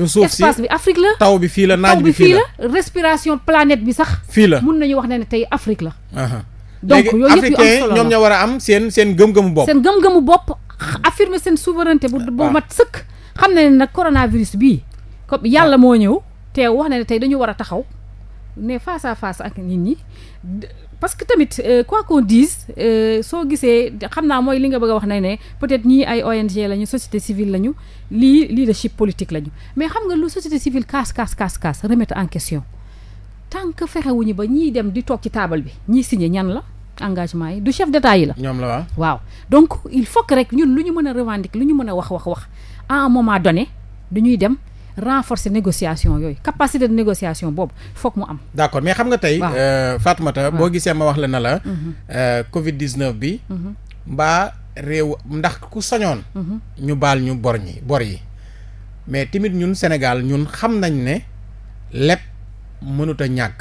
bi Afrique la taw bi fii la naaj bi fii la respiration planète bi sax fii la mun nañu wax ne ne tey Afrique la donc yooyu yëpp yu am war a am seen seen gëm-gëmu bopp. seen gëm-gëmu bopp affirmer seen souveraineté bu bu ah. mat sëkk. xam na ne nag coronavirus bii comme yàlla ah. moo ñëw te wax na ne tey dañu war a taxaw ne face à face ak nit ñi parce que tamit euh, quoi qu'on dise euh, soo gisee xam naa mooy li nga bëgg wax na ne peut-être ñii ay ONG lañu société civile lañu lii leadership politique lañu mais xam nga lu société civile kaas kaas kaas kaas remettre en question. tant que fexewuñu ba ñiy dem di toog ci taabal bi ñiy signé ñan la engagement yi du chef d'état yi la. ñoom la waaw. waaw donc il faut que rek ñun lu ñu mën a revendiquer lu ñu mën a wax wax wax à un moment donné dañuy dem. renforcer négociation yooyu capacité de négociation boobu foog mu am. d' accord mais xam nga tey. Euh, Fatoumata boo gisee ma wax la na la. Mhm. Euh, Covid 19 bi. Mhm. mbaa réew ndax ku sañoon. Mhm. ñu baal ñu bor ñi bor yi mais tamit ñun Sénégal ñun xam nañ ne lépp. mënut a ñàkk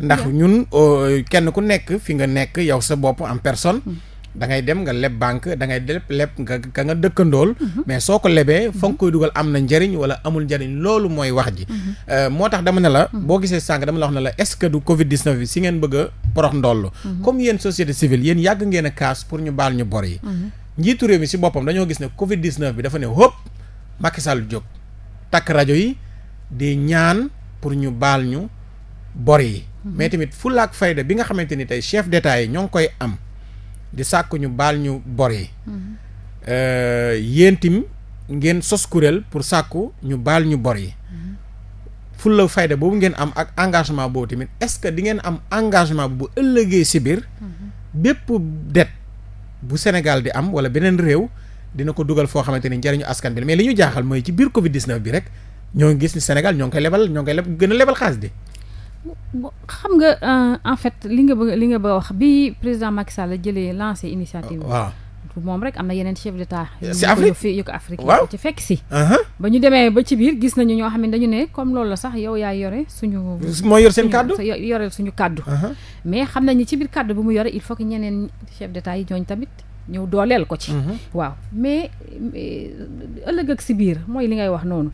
ndax ñun kenn ku nekk fi nga nekk yow sa bopp en personne mm-hmm. da ngay dem nga leb banque da ngay leb leb nga ka nga dëkkandool mm-hmm. mais soo ko lebee mm-hmm. fa nga koy dugal am na njariñ wala amul njëriñ loolu mooy wax ji euh, moo tax dama ne la boo gisee sànq dama la wax ne la est-ce que du covid 19 bi si ngeen bëgg a porox ndollu comme yéen société civile yéen yàgg ngeen a kaas pour ñu baal ñu bor yi njiitu réew mi si boppam dañoo gis ne covid 19 bi dafa ne hop Macky Sall takk rajo yi di pour ñu baal ñu bor yi. Mhm. mais tamit fulla ak fayda bi nga xamante ni tey chef d'état yi ñoo ngi koy am di sàkk ñu baal ñu bor yi. Mhm. Euh, yéen tamit ngeen sos kuréel pour sàkku ñu baal ñu bor yi. Mhm. fulla fayda boobu ngeen am ak engagement boobu tamit est-ce que di ngeen am engagement bu ëllëgee si biir. bépp det bu Sénégal di am wala beneen réew dina ko dugal foo xamante ni njariñu askan bi mais li ñu jaaxal mooy ci biir Covid 19 bi rek. ñoo ngi gis ni Sénégal ñoo ngi lebal ñoo ngi koy gën a lebal xaalis di xam nga euh, en fait li nga ba li nga ba wax bi président Macky la jëlee lancé initiative waaw moom rek am na yeneen chef d'état yu ko Afrique waaw ci fekk si uh-huh. ba ñu demee ba ci biir gis nañu ñoo xam ne dañu ne comme loolu la sax yow yaa yore suñu moo yor seen kàddu yore suñu kàddu uh-huh. mais xam nañu ci biir kàddu bi mu yore il faut que ñeneen chef d'état yi ñooñ tamit ñëw dooleel ko ci. Mhm. waaw mais ëllëg ak si biir mooy li ngay wax noonu.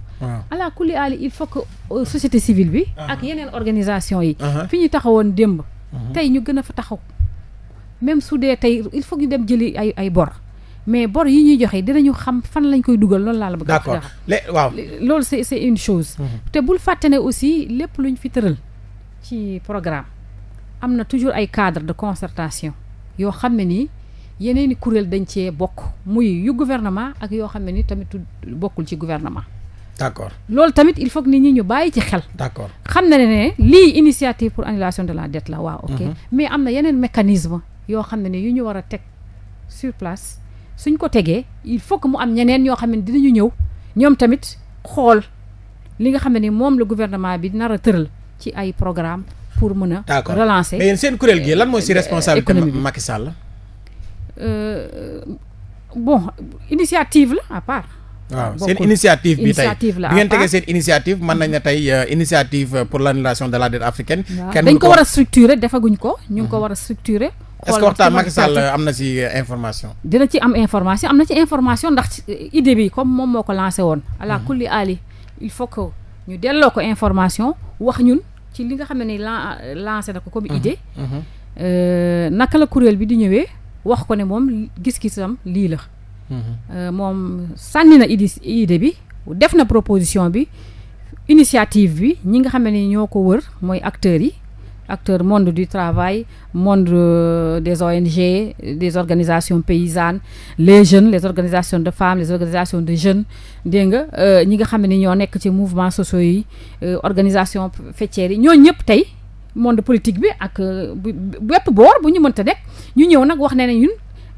ala kulli ali il faut que euh, société civile bi. Ah. ak yeneen organisation yi. Uh-huh. fi ñu taxawoon démb. Mhm. tey ñu gën a fa taxaw. même su dee tey il faut ñu dem jëli ay ay bor. mais bor yi ñuy joxe dinañu xam fan lañ koy dugal loolu laa la bëgg a d'accord waaw loolu c'est c'est une chose mhm. te bul fàtte ne aussi lépp luñ fi tëral ci programme am na toujours ay cadre de concertation yoo xam ne nii yeneen i kuréel dañ cee bokk muy yu gouvernement ak yoo xam ne ni tamit bokkul ci gouvernement. d'accord loolu tamit il faut ni nit ñu bàyyi ci xel. d'accord xam na ne lii initiative pour annulation de la dette la waaw. ok mhm. mais am na yeneen mécanisme yoo xam ne ni yu ñu war a teg sur place suñ ko tegee il faut que mu am ñeneen yoo xam ne dinañu ñëw ñoom tamit xool li nga xam ne ni moom la gouvernement bi nar a tëral ci ay programme pour mën a. relancer mais yéen seen kuréel lan mooy si euh, responsable. économie bi Macky Sall Euh, bon initiative la à part. waaw ah, seen initiative bi tey bi ngeen tegee seen initiative mën nañ ne tey euh, initiative euh, pour la l'annulation de la dette africaine. dañ ko war a structurer defaguñ ko. ñu ngi ko mhm. war a structurer. est-ce que waxtaan Macky Sall am na si information. dina ci am information am na ci information ndax idée bi comme moom moo ko lancé woon. ala mhm. kulli ali il faut que ñu delloo ko information wax ñun ci li nga xam ne lancé na ko comme mhm. naka la kuréel wax ko ne moom gis-gisam lii la. Mhm. Euh, moom sànni na idée idée bi def na proposition bi initiative bi ñi nga xam ne ñoo ko wër mooy acteurs yi acteur monde du travail monde euh, des ONG des organisations paysannes les jeunes les organisations de femmes les organisations de jeunes dégg nga euh, ñi nga xam ne ñoo nekk ci mouvement sociaux yi organisation faîtières yi ñoo ñëpp tey. monde politique bi ak euh, bépp boor bu ñu mënta nekk ñu ñëw nag wax ne ne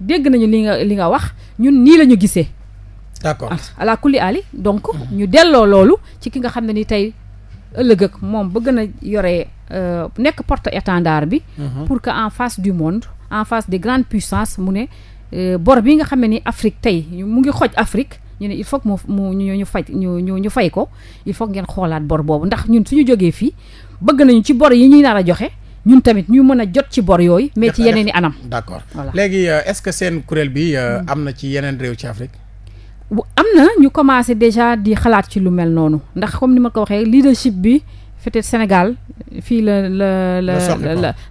dégg nañu li nga li nga wax ñun nii la ñu gisee. d'accord ah, ala kulli ali donc. Mhm. ñu delloo loolu ci ki nga xam ne ni tey ëllëg ak moom ba gën a yore euh, nekk porte étendard bi. Mhm. pour que en face du monde en face des grandes puissances mu ne euh, bor bi nga xam ne ni Afrique tey mu ngi xooj Afrique. ñu ne il faut que mu ñu ñu faj ñu ñu ñu fay ko il faut ngeen xoolaat bor boobu ndax ñun suñu jógee fii bëgg nañu ci bor yi ñuy nar a joxe ñun tamit ñu mën a jot ci bor yooyu mais ci yeneen i anam d'accord voilà léegi euh, est-ce que seen kuréel bi euh, hmm. am na ci yeneen réew ci Afrique am na ñu commencé déjà di xalaat ci lu mel noonu ndax comme ni ma ko waxee leadership bi peut-être Sénégal fii la la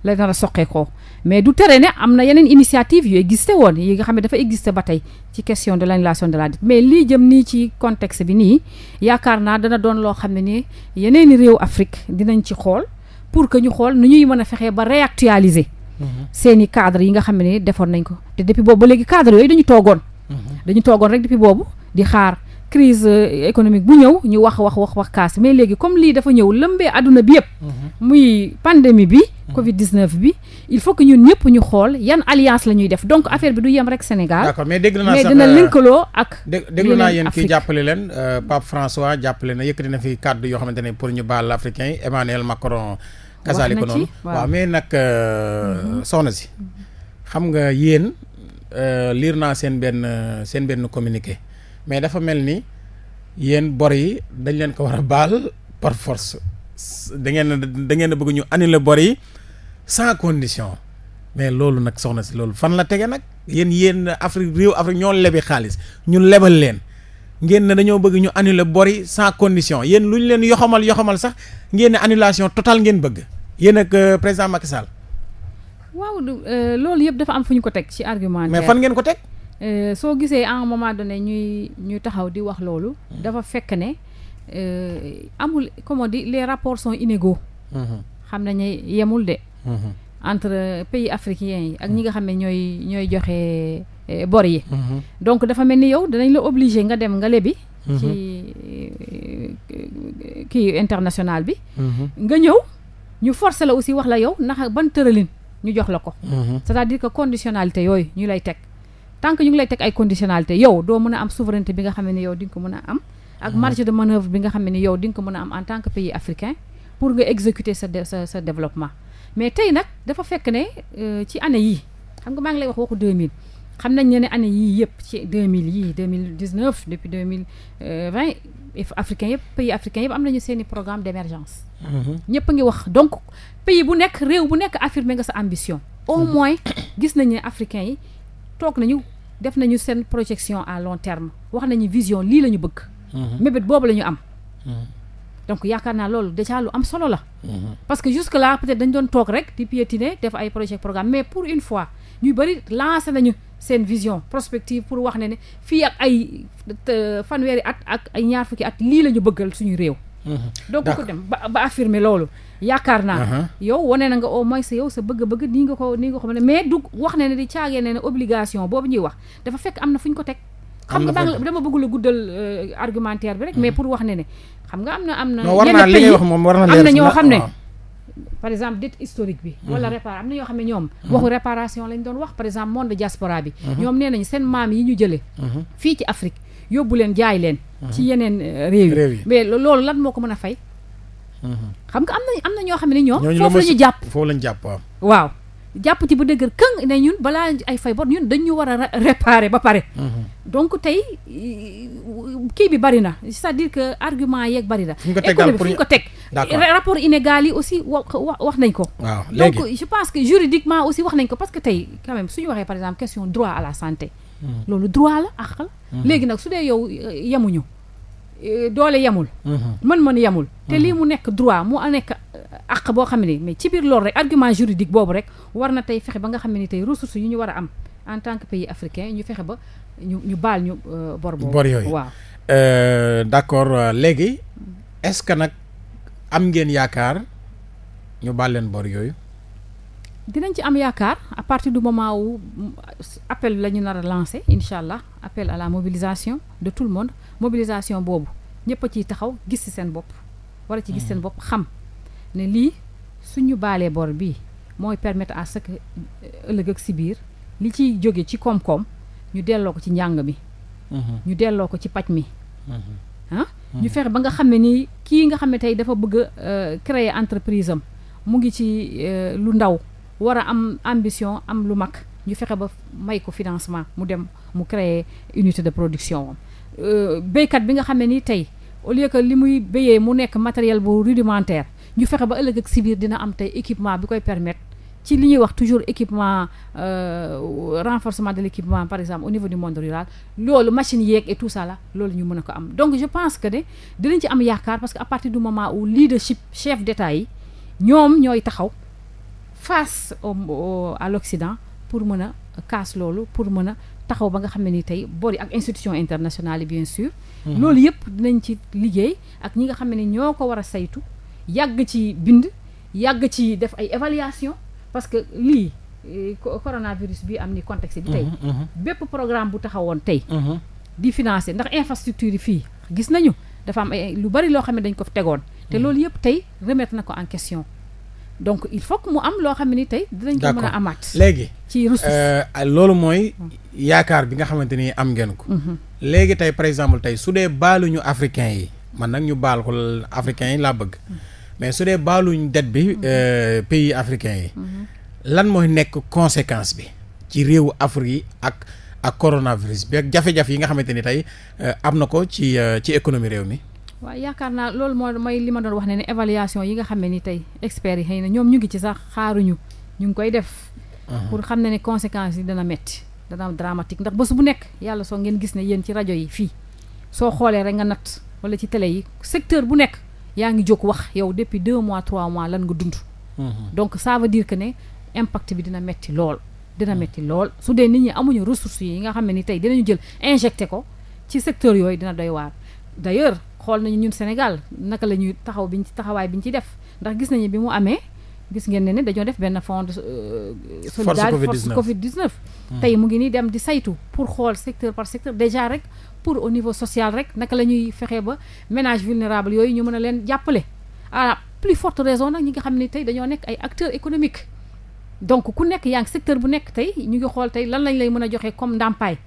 la la mais du tere ne am na yeneen initiative yu existé woon yi nga xam ne dafa existé ba tey ci question de la l'annulation de la dette mais lii jëm nii ci contexte bi nii yaakaar naa dana doon loo xam ne nii yeneen i réew Afrique dinañ ci xool pour que ñu xool nu ñuy mën a fexe ba réactualiser mhm. seen i cadre yi nga xam ne defoon nañ ko te depuis boobu ba léegi cadre yooyu dañu toogoon mhm. dañu toogoon rek depuis boobu di xaar crise économique bu ñëw ñu wax wax wax wax kaas mais léegi comme lii dafa ñëw lëmbee àdduna bi yëpp. Mhm. muy pandémie bi. Mhm. Covid 19 bi il faut que ñun ñëpp ñu xool yan alliance la ñuy def donc affaire bi du yem rek Sénégal. d'accord mais dégg dina euh, lëkkaloo ak. déglu naa yéen kii jàppale leen euh, Pape jàppale na yëkkati na fi kàddu yoo xamante ne pour ñu baal africain yi Emmanuel Macron. kasaali ko noonu mais nag euh, mhm. soxna si. xam nga yéen liir naa seen benn seen benn communiqué. mais dafa mel ni yéen bor yi dañ leen ko war a baal par force da ngeen da ngeen bëgg ñu annuler bori yi sans condition mais loolu nag soxna si loolu fan la tege nag yéen yéen Afrique réew Afrique ñoo lebi xaalis ñu lebal leen ngeen ne dañoo bëgg ñu annuler bor yi sans condition yéen lu ñu leen yoxamal yoxomal sax ngeen ne annulation totale ngeen bëgg yéen ak euh, président Macky Sall. waaw euh, loolu yëpp dafa am fu ñu ko teg ci argument. mais fan ngeen ko teg. Euh, soo gisee en moment moment donné ñuy ñu taxaw di wax loolu. Hmm. dafa fekk ne euh, amul comme dire les rapports sont inégaux. Hmm. xam nañu yemul de. Hmm. entre pays africains yi ak ñi nga xam ne ñooy ñooy joxe euh, bor yi. donc dafa mel ni yow danañ la obligé nga dem nga lebi. ci kii international bi. nga ñëw ñu forcer la aussi wax la yow ndax ban tëralin ñu jox la ko. c'est-à-dire que conditionnalité yooyu ñu lay teg. tant ñu ngi lay teg ay conditionnalité yow doo mën a am souveraineté bi nga xam ne yow di ah. yow di ko mën a am en tant que africain pour mais tey nag dafa fekk ne euh, ci année yi xam nga maa ngi lay wax waxu 2000 xam nañ ne ne année yii yëpp ci 2000 yii 2019 depuis 2020 euh, africain yëpp pays africain yëpp am nañu seen i programme d' émergence mhm. ñëpp a ngi wax donc pays bu nekk réew bu nekk affirmer nga sa ambition au mhm. moins gis nañ ne africain yi toog nañu def nañu seen projection à long terme wax nañu vision lii la ñu bëgg. Mhm. mébét boobu la ñu am. Mhm. donc yaakaar naa loolu déjà lu am solo la. Mhm. parce que jusque là peut-être dañu doon toog rek di piétiner def ay projet programme mais pour une fois ñu bëri lancé nañu seen vision prospective pour wax ne ne fii ak ay fanweeri at ak ay ñaar fukki at lii la ñu bëggal suñu réew. donc ko dem ba ba affirmer loolu. yaakaar naa. yow wane na nga au oh, moins yow sa bëgg-bëgg nii nga ko nii nga ko mën mais dug wax ne ne di caagee ne ne obligation boobu ñuy wax dafa fekk am na fu ñu ko teg. xam nga baa dama bëgg la guddal euh, argumentaire bi rek. mais pour wax ne ne xam nga am na am na. yenn pays am na ñoo xam ne. par exemple dette historique bi. wala répar am na ñoo xam ne ñoom. waxu réparation lañ doon wax par exemple monde diaspora bi. ñoom nee nañu seen maam yi ñu jëlee. fii ci Afrique yóbbu leen jaay leen. ci yeneen euh, réew yi mais loolu lan moo ko mën a fay. xam nga am na am na ñoo xam ne ñoom. foofu la ñu jàpp foofu la ñu jàpp waaw. waaw jàpp ci bu dëgër këng ne balaa fay bor ñun dañ ñu war a réparer ba pare. Mhm. donc tey kii bi bari na c'est-à-dire que argument yeeg bari na. fu ñu ko teg daal ko teg. rapport inégal yi aussi wax wax nañ ko. waaw donc je pense que juridiquement aussi wax nañ ko parce que tey quand même suñu waxee par exemple question droit à la santé. Mhm. loolu droit la àq mhm. léegi nag su dee yow euh, yemuñu. Euh, doole yemul. Mhm. mën-mën yamul te mhm. lii mu nekk droit mu nekk aq euh, boo xam ne mais ci biir loolu rek argument juridique boobu rek war na tey fexe ba nga xam ne tey ressources yu ñu war a am en tant que pays africain ñu fexe ba ñu ñu baal ñu euh, bor boobu. bor yooyu waaw. d'accord léegi mm. est-ce que nag am ngeen yaakaar ñu baal leen bor yooyu. dinañ ci am yaakaar à partir du moment où appel la ñu nar a lancer incha allah appel à la mobilisation de tout le monde. mobilisation boobu ñëpp a ciy taxaw gis ci seen bopp. wala ci gis seen bopp xam ne lii suñu baalee bor bii mooy permettre à ce que euh, ëllëg ak si biir li ciy jóge ci koom-koom ñu delloo ko ci njàng mi. Mhm. ñu delloo ko ci paj mi. Mhm. ah mhm. ñu fexe ba nga xam ne nii kii nga xam ne tey dafa bëgg a euh, créer entreprise am mu ngi ci euh, lu ndaw war a am ambition am lu mag ñu fexe ba may ko financement mu dem mu créer unité de production am. Euh, béykat bi nga xam ne ni tey au lieu que li muy béyee mu nekk matériel bu rudimentaire ñu fexe ba ëllëg ak si biir dina am tey équipement bi koy permettre ci li ñuy wax toujours équipement euh, renforcement de l'équipement par exemple au niveau du monde rural loolu machine yeeg et tout ça loolu ñu mën a am donc je pense que de dinañ ci am yaakaar parce que à partir du moment où leadership chef d'État yi ñoom ñooy taxaw face au à l'Occident pour mën a kaas loolu pour mën a taxaw ba nga xam ne ni tey boori ak institution internationale yi bien sûr. Mhm. loolu yëpp dinañ ci liggéey ak ñi nga xam ne ni ñoo ko war a saytu yàgg ci bind yàgg ci def ay évaluation parce que lii eh, coronavirus bi am ni contexte bi tey mhm, mhm. bépp programme bu taxawoon tey di financer ndax infrastructure yi fii gis nañu dafa am lu bari loo xam ne dañ ko fi tegoon te loolu yëpp tey remettre na ko en question donc il faut que mu am loo xam ne ni tey dinañ ko mën a amaat léegi yaakaar bi nga xamante ni am ngeen ko. Mhm. léegi tey par exemple tey su dee baaluñu africain yi man nag ñu baal ko africain yi laa bëgg mhm. mais su dee baaluñu dette bi mhm. euh, pays africain yi. lan mooy nekk conséquence bi ci réewu Afrique yi ak ak coronavirus bi ak jafe-jafe yi nga xamante ni tey euh, am na ko ci euh, ci économie réew mi. waaw yaakaar naa loolu moo may li ma doon wax ne ni évaluation yi nga xam ne ni tey experts yi xëy na ñoom ñu ngi ci sax xaaruñu ñu ngi koy def. pour xam ne ne conséquences yi dana metti dana dramatique ndax bés bu nekk yàlla soo ngeen gis ne yéen ci rajo yi fii soo xoolee rek nga nat wala ci télé yi secteur bu nekk yaa ngi jóg wax yow depuis deux mois trois mois lan nga dund. Mhm. donc ça veut dire que ne impact bi dina metti lool. dina mhm. metti lool su dee nit ñi amuñu ressources yi nga xam ne ni tey dinañu jël injecté ko ci secteur yooyu dina doy waar. d' ailleurs xool nañu ñun Sénégal naka la ñuy taxaw biñ ci taxawaay bi ñu ci def ndax gis nañu bi mu amee. gis ngeen ne ne dañoo def benn fond de euh, solidarité force Covid 19. Hmm. tey mu ngi nii dem di saytu pour xool secteur par secteur déjà rek pour au niveau social rek naka la ñuy fexe ba ménage vulnérable yooyu ñu mën a leen jàppale. à plus forte raison nag ñi nga xam ne tey dañoo nekk ay acteurs économique donc ku nekk yaa ngi secteur bu nekk tey ñu ngi xool tey lan lañ lay mën a joxe comme ndàmpaay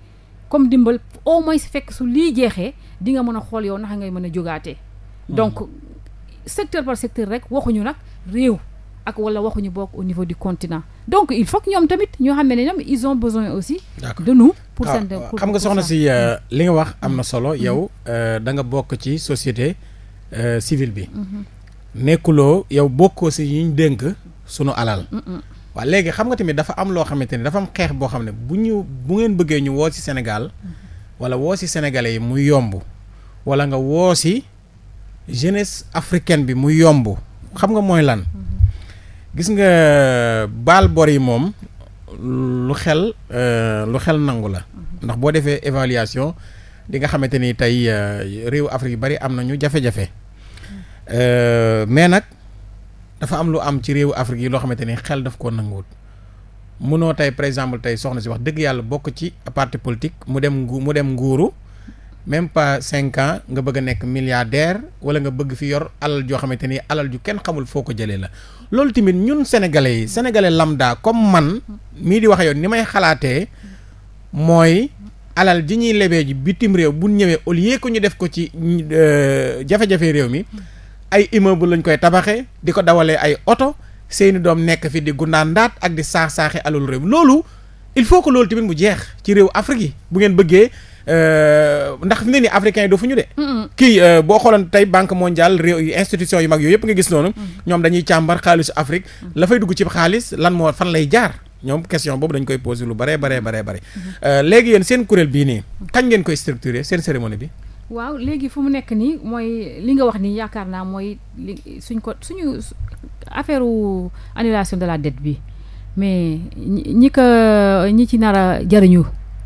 comme dimbal au moins fekk su lii jeexee di nga mën a xool yow naka ngay mën a jógaatee. Hmm. donc secteur par secteur rek waxuñu nag réew. ak wala waxuñu bokk au niveau du continent donc il faut que ñoom tamit ñoo xam ne ne ñoom ils ont besoin aussi. de nous pour ah, ah, xam nga soxna si euh, mm-hmm. li nga wax am na mm-hmm. solo mm-hmm. yow euh, da nga bokk ci société euh, civile bi. nekkuloo yow bokkoo si yi ñu dénk sunu alal. waaw léegi xam nga tamit dafa am loo xamante ne dafa am xeex boo xam ne bu ñu bu ngeen bëggee ñu woo si Sénégal wala woo si sénégalais yi muy yomb wala nga woo si jeunesse africaine bi muy yomb xam nga mooy lan. gis nga baal bor yi moom lu xel euh, lu xel nangu la mhm. ndax boo defee évaluation di nga xamante ni tey euh, réew Afrique yu bari am na ñu jafe-jafe euh, mais nag dafa am lu am ci réewu Afrique yi loo xamante ni xel daf koo nanguwut munoo tey par exemple tey soxna si wax dëgg yàlla bokk ci parti politique mu dem ngu mu nguuru même pas cinq ans nga bëgg a nekk milliardaire wala nga bëgg fi yor alal joo xamante ni alal ju kenn xamul foo ko jëlee la loolu tamit ñun sénégalais yi sénégalais lambda comme man mii di waxe yoon ni may xalaatee mooy alal ji ñuy lebee ji bitim réew bu ñëwee au lieu que ñu def ko ci euh, jafe-jafe réew mi ay immeuble lañ koy tabaxee di ko dawalee ay oto seeni doom nekk fi di gundaan ndaat ak di saax saaxi alal réew loolu il faut que loolu tamit mu jeex ci réew Afrique yi bu ngeen bëggee. Euh, ndax fi mu ne nii africain yi du fu ñu de. kii euh, boo xooloon tey banque mondiale réew yi institution yu mag yooyu yëpp nga gis noonu. Mm-hmm. ñoom dañuy càmbar xaalisu Afrique. Mm-hmm. la fay dugg ci xaalis lan moo fan lay jaar. ñoom question boobu dañ koy posé lu bare bare mm-hmm. bare bare. Euh, léegi yéen seen kuréel bii nii. kañ ngeen koy structurer seen cérémonie bi. waaw léegi fu mu nekk nii mooy li nga wax nii yaakaar naa mooy li suñ ko suñu affaire annulation de la dette bi mais ñi ko ñi ci nar a jëriñu.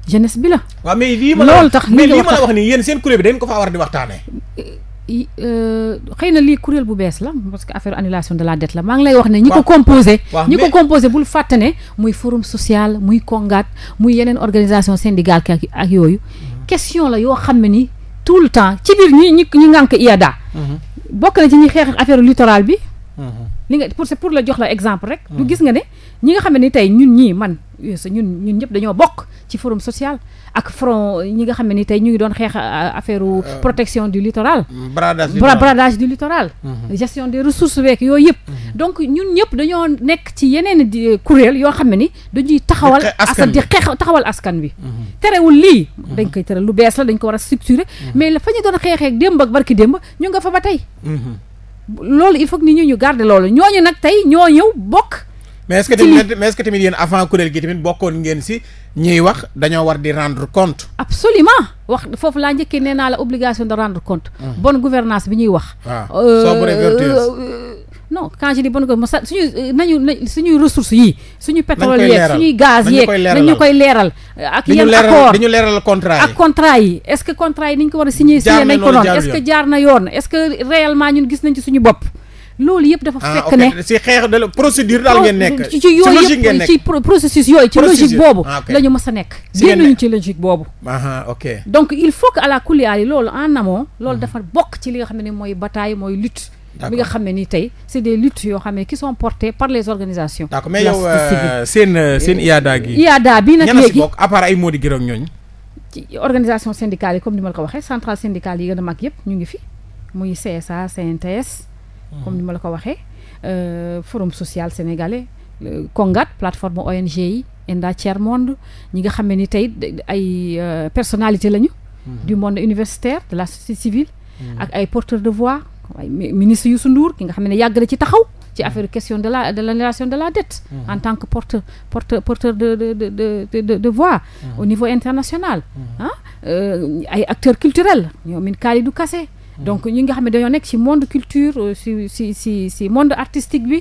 jeunesse bi la. waaw mais lii ma loolu tax mais lii ma wax nii yéen seen kuréel bi dañ ko faa war di waxtaanee. Euh, xëy na lii kuréel bu bees la parce que affaire annulation de la dette la maa ngi lay wax ne ñi ko composé ñi ko composé bul fàtte muy forum social muy kongaat muy yeneen organisation syndicale ki ak yooyu mhm. question la yoo xam ne ni tout le temps ci biir ñi ñi ñi ngànk IADA mhm. bokk na ci ñi xeex affaire littoral bi mhm. li nga pour c'est pour la jox la exemple rek du gis nga ne ñi nga xam ne ni tey ñun ñii man sa ñun ñun ñëpp dañoo bokk ci forum social ak front ñi nga xam ne ni tey ñu ngi doon xeex euh, affaire euh, protection du littoral bradage du littoral mhm. gestion des ressources week yooyu yëpp mhm. donc ñun ñëpp dañoo nekk ci yeneen di euh, kuréel yoo xam ne ni dañuy taxawal askan di taxawal askan bi mhm. terewul lii dañ koy tere lu bees la dañ ko war a structurer mais la fa ñu doon xeexee démb ak barki démb ñu nga fa ba tey loolu il faut ni ñu ñi ñu garder loolu ñu nag tey ñoo ñëw bokk mais est-ce que tamit mais est-ce que avant kuréel gi tamit bokkoon ngeen si ñuy wax dañoo war di rendre compte. absolument foofu laa njëkkee nee naa la obligation de rendre compte. Ah. bonne gouvernance bi ñuy wax. waaw ah. euh, sobre vertueuse. Euh, euh, non quand je dis bonne gouvernance suñuy nañu suñuy ressources yii. suñu pétrole yeeg suñuy gaz yeeg nañu koy leeral ak yenn accord dañu leeral contrat yi ak contrat yi ni ñu ko war a signé signé nañ ko noonu est-ce jaar na yoon est-ce que réellement ñun gis nañ ci suñu bopp loolu yëpp dafa ah, fekk ne si xeex de procédure daal ngeen nekk ci yooyu yëpp ci processus yooyu ci ah, ñu a nekk génnuñu ci logique boobu ok donc il faut que à la kuliyaal yi loolu en amont loolu mhm. dafa bokk ci li nga xam ne mooy bataille mooy lutte bi nga xam ne ni tey c' est des yoo xam ne qui son porté par les organisations euh, euh, d' accord mais seen seen gi IADA bi nag léegi bokk à part ay Mody Guiro ak ñooñu ci organisation syndicale yi comme ni ma la ko waxee centrale syndicale yi gën a mag yëpp ñu ngi fi muy CSA CNTS comme ni ma la ko waxee euh, forum social sénégalais Kongat plateforme ONG yi Enda Tiers Monde ñi nga xam ne ni tey ay euh, personnalité lañu mhm. du monde universitaire de la société civile mhm. ak ay porteur de voix ay ministre Youssou Ndour ki nga xam ne yàgg na ci taxaw ci mhm. affaire question de la de l'annulation de la dette en tant que porte porte porteur de de de de de voix au niveau international ah ay acteurs culturels ñoom min Kalidou Kassé donc ñu nga xam ne dañoo nekk ci monde culture euh, ci ci ci monde artistique bi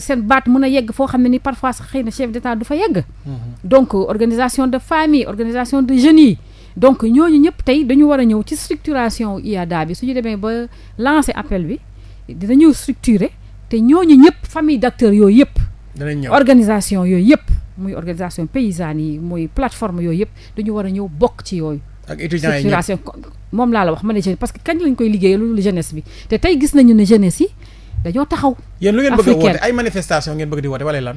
seen baat mën a yegg foo xam ne ni parfois sax xëy na chef d'état du fa yegg. Mhm. donc euh, organisation de famille organisation de jeunes yi. donc ñooñu ñëpp tey dañu war a ñëw ci structuration IADA bi su ñu demee ba lancer appel bi dina ñëw structurer te ñooñu ñëpp famille d'acteurs yooyu yëpp. danañ organisation yooyu yëpp. muy organisation paysanne yi muy plateforme yooyu yëpp dañu war a ñëw bokk ci yooyu. ak étudiants yi moom laa la wax ma ne parce que kañ lañ koy liggéeyee loolu jeunesse bi te tey gis nañu ne jeunesse yi dañoo taxaw. yéen lu ngeen bëgg a woote ay manifestation ngeen bëgg di woote wala lan.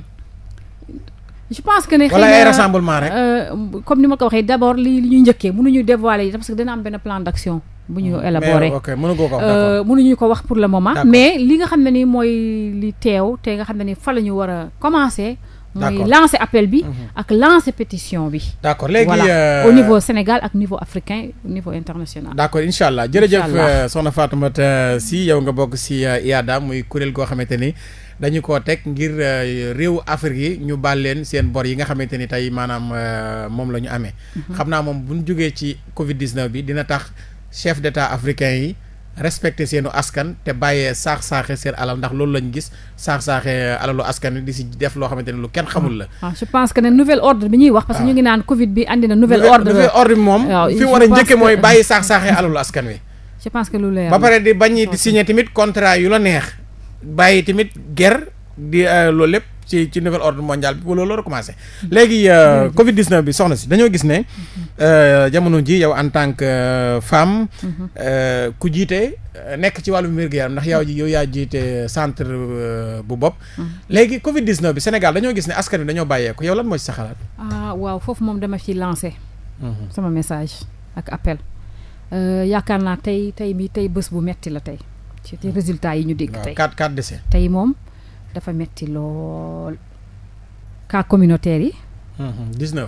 je pense que ni xëy na euh, comme ni ma ko waxee d' abord li li ñuy njëkkee mënuñu dévoiler parce que dina am benn plan d' action. bu ñu hmm. élaboré mais ok euh, mënuñu ko wax mënuñu pour le moment. mais li nga xam ne ni mooy li teew te nga xam ne ni fa la ñu war a commencé. mooy lancer appel bi mhm. ak lancer pétition bi d'accord léegi voilà euh, au niveau Sénégal ak niveau africain au niveau international d'accord incha allah jërëjëf euh, soxna Fatoumata si yow nga bokk si euh, IADA muy kuréel goo xamante ni dañu koo teg ngir réew Afrique yi ñu baal leen seen bor yi nga xamante ni tey maanaam moom la ñu amee mhm. xam naa moom bu ñu jógee ci Covid 19 bi dina tax chef d'État africain yi respecté seenu askan te bàyyee saax-saaxe seen alal ndax loolu lañ gis saax-saaxe alalu askan wi di si def loo xamante ne lu kenn xamul la waaw ah, je pense que ne nouvel ordre bi ñuy wax parce que ñu ah. ngi naan covid bi andi na nouvel ordre nouvel bi moom ah, fi war a njëkke mooy bàyyi saax-saaxe alalu askan wi je pense que loolu la ba pare di bañ di ñee tamit contrat yu la neex bàyyi tamit ger di euh, loolu lépp ci ci nouvel ordre mondial bi wala loolu commencé. léegi euh, Covid 19 bi soxna si dañoo gis ne euh, jamono ji yow en tant que euh, femme. ku jiite nekk ci wàllu wér-gu-yaram ndax yow ji yow yaa jiite centre bu bopp. léegi Covid 19 bi Sénégal dañoo gis ne askan bi dañoo bàyyeeku yow lan moo ci sa xalaat. Ah, waaw foofu moom dama ci lancé. Mhm. sama message ak appel. yaakaar naa tey tey bi tey bés bu metti la tey. ci résultat yi ñu dégg tey 4 4 décès tey moom. dafa metti lool cas communautaire yi. 19. Mm-hmm.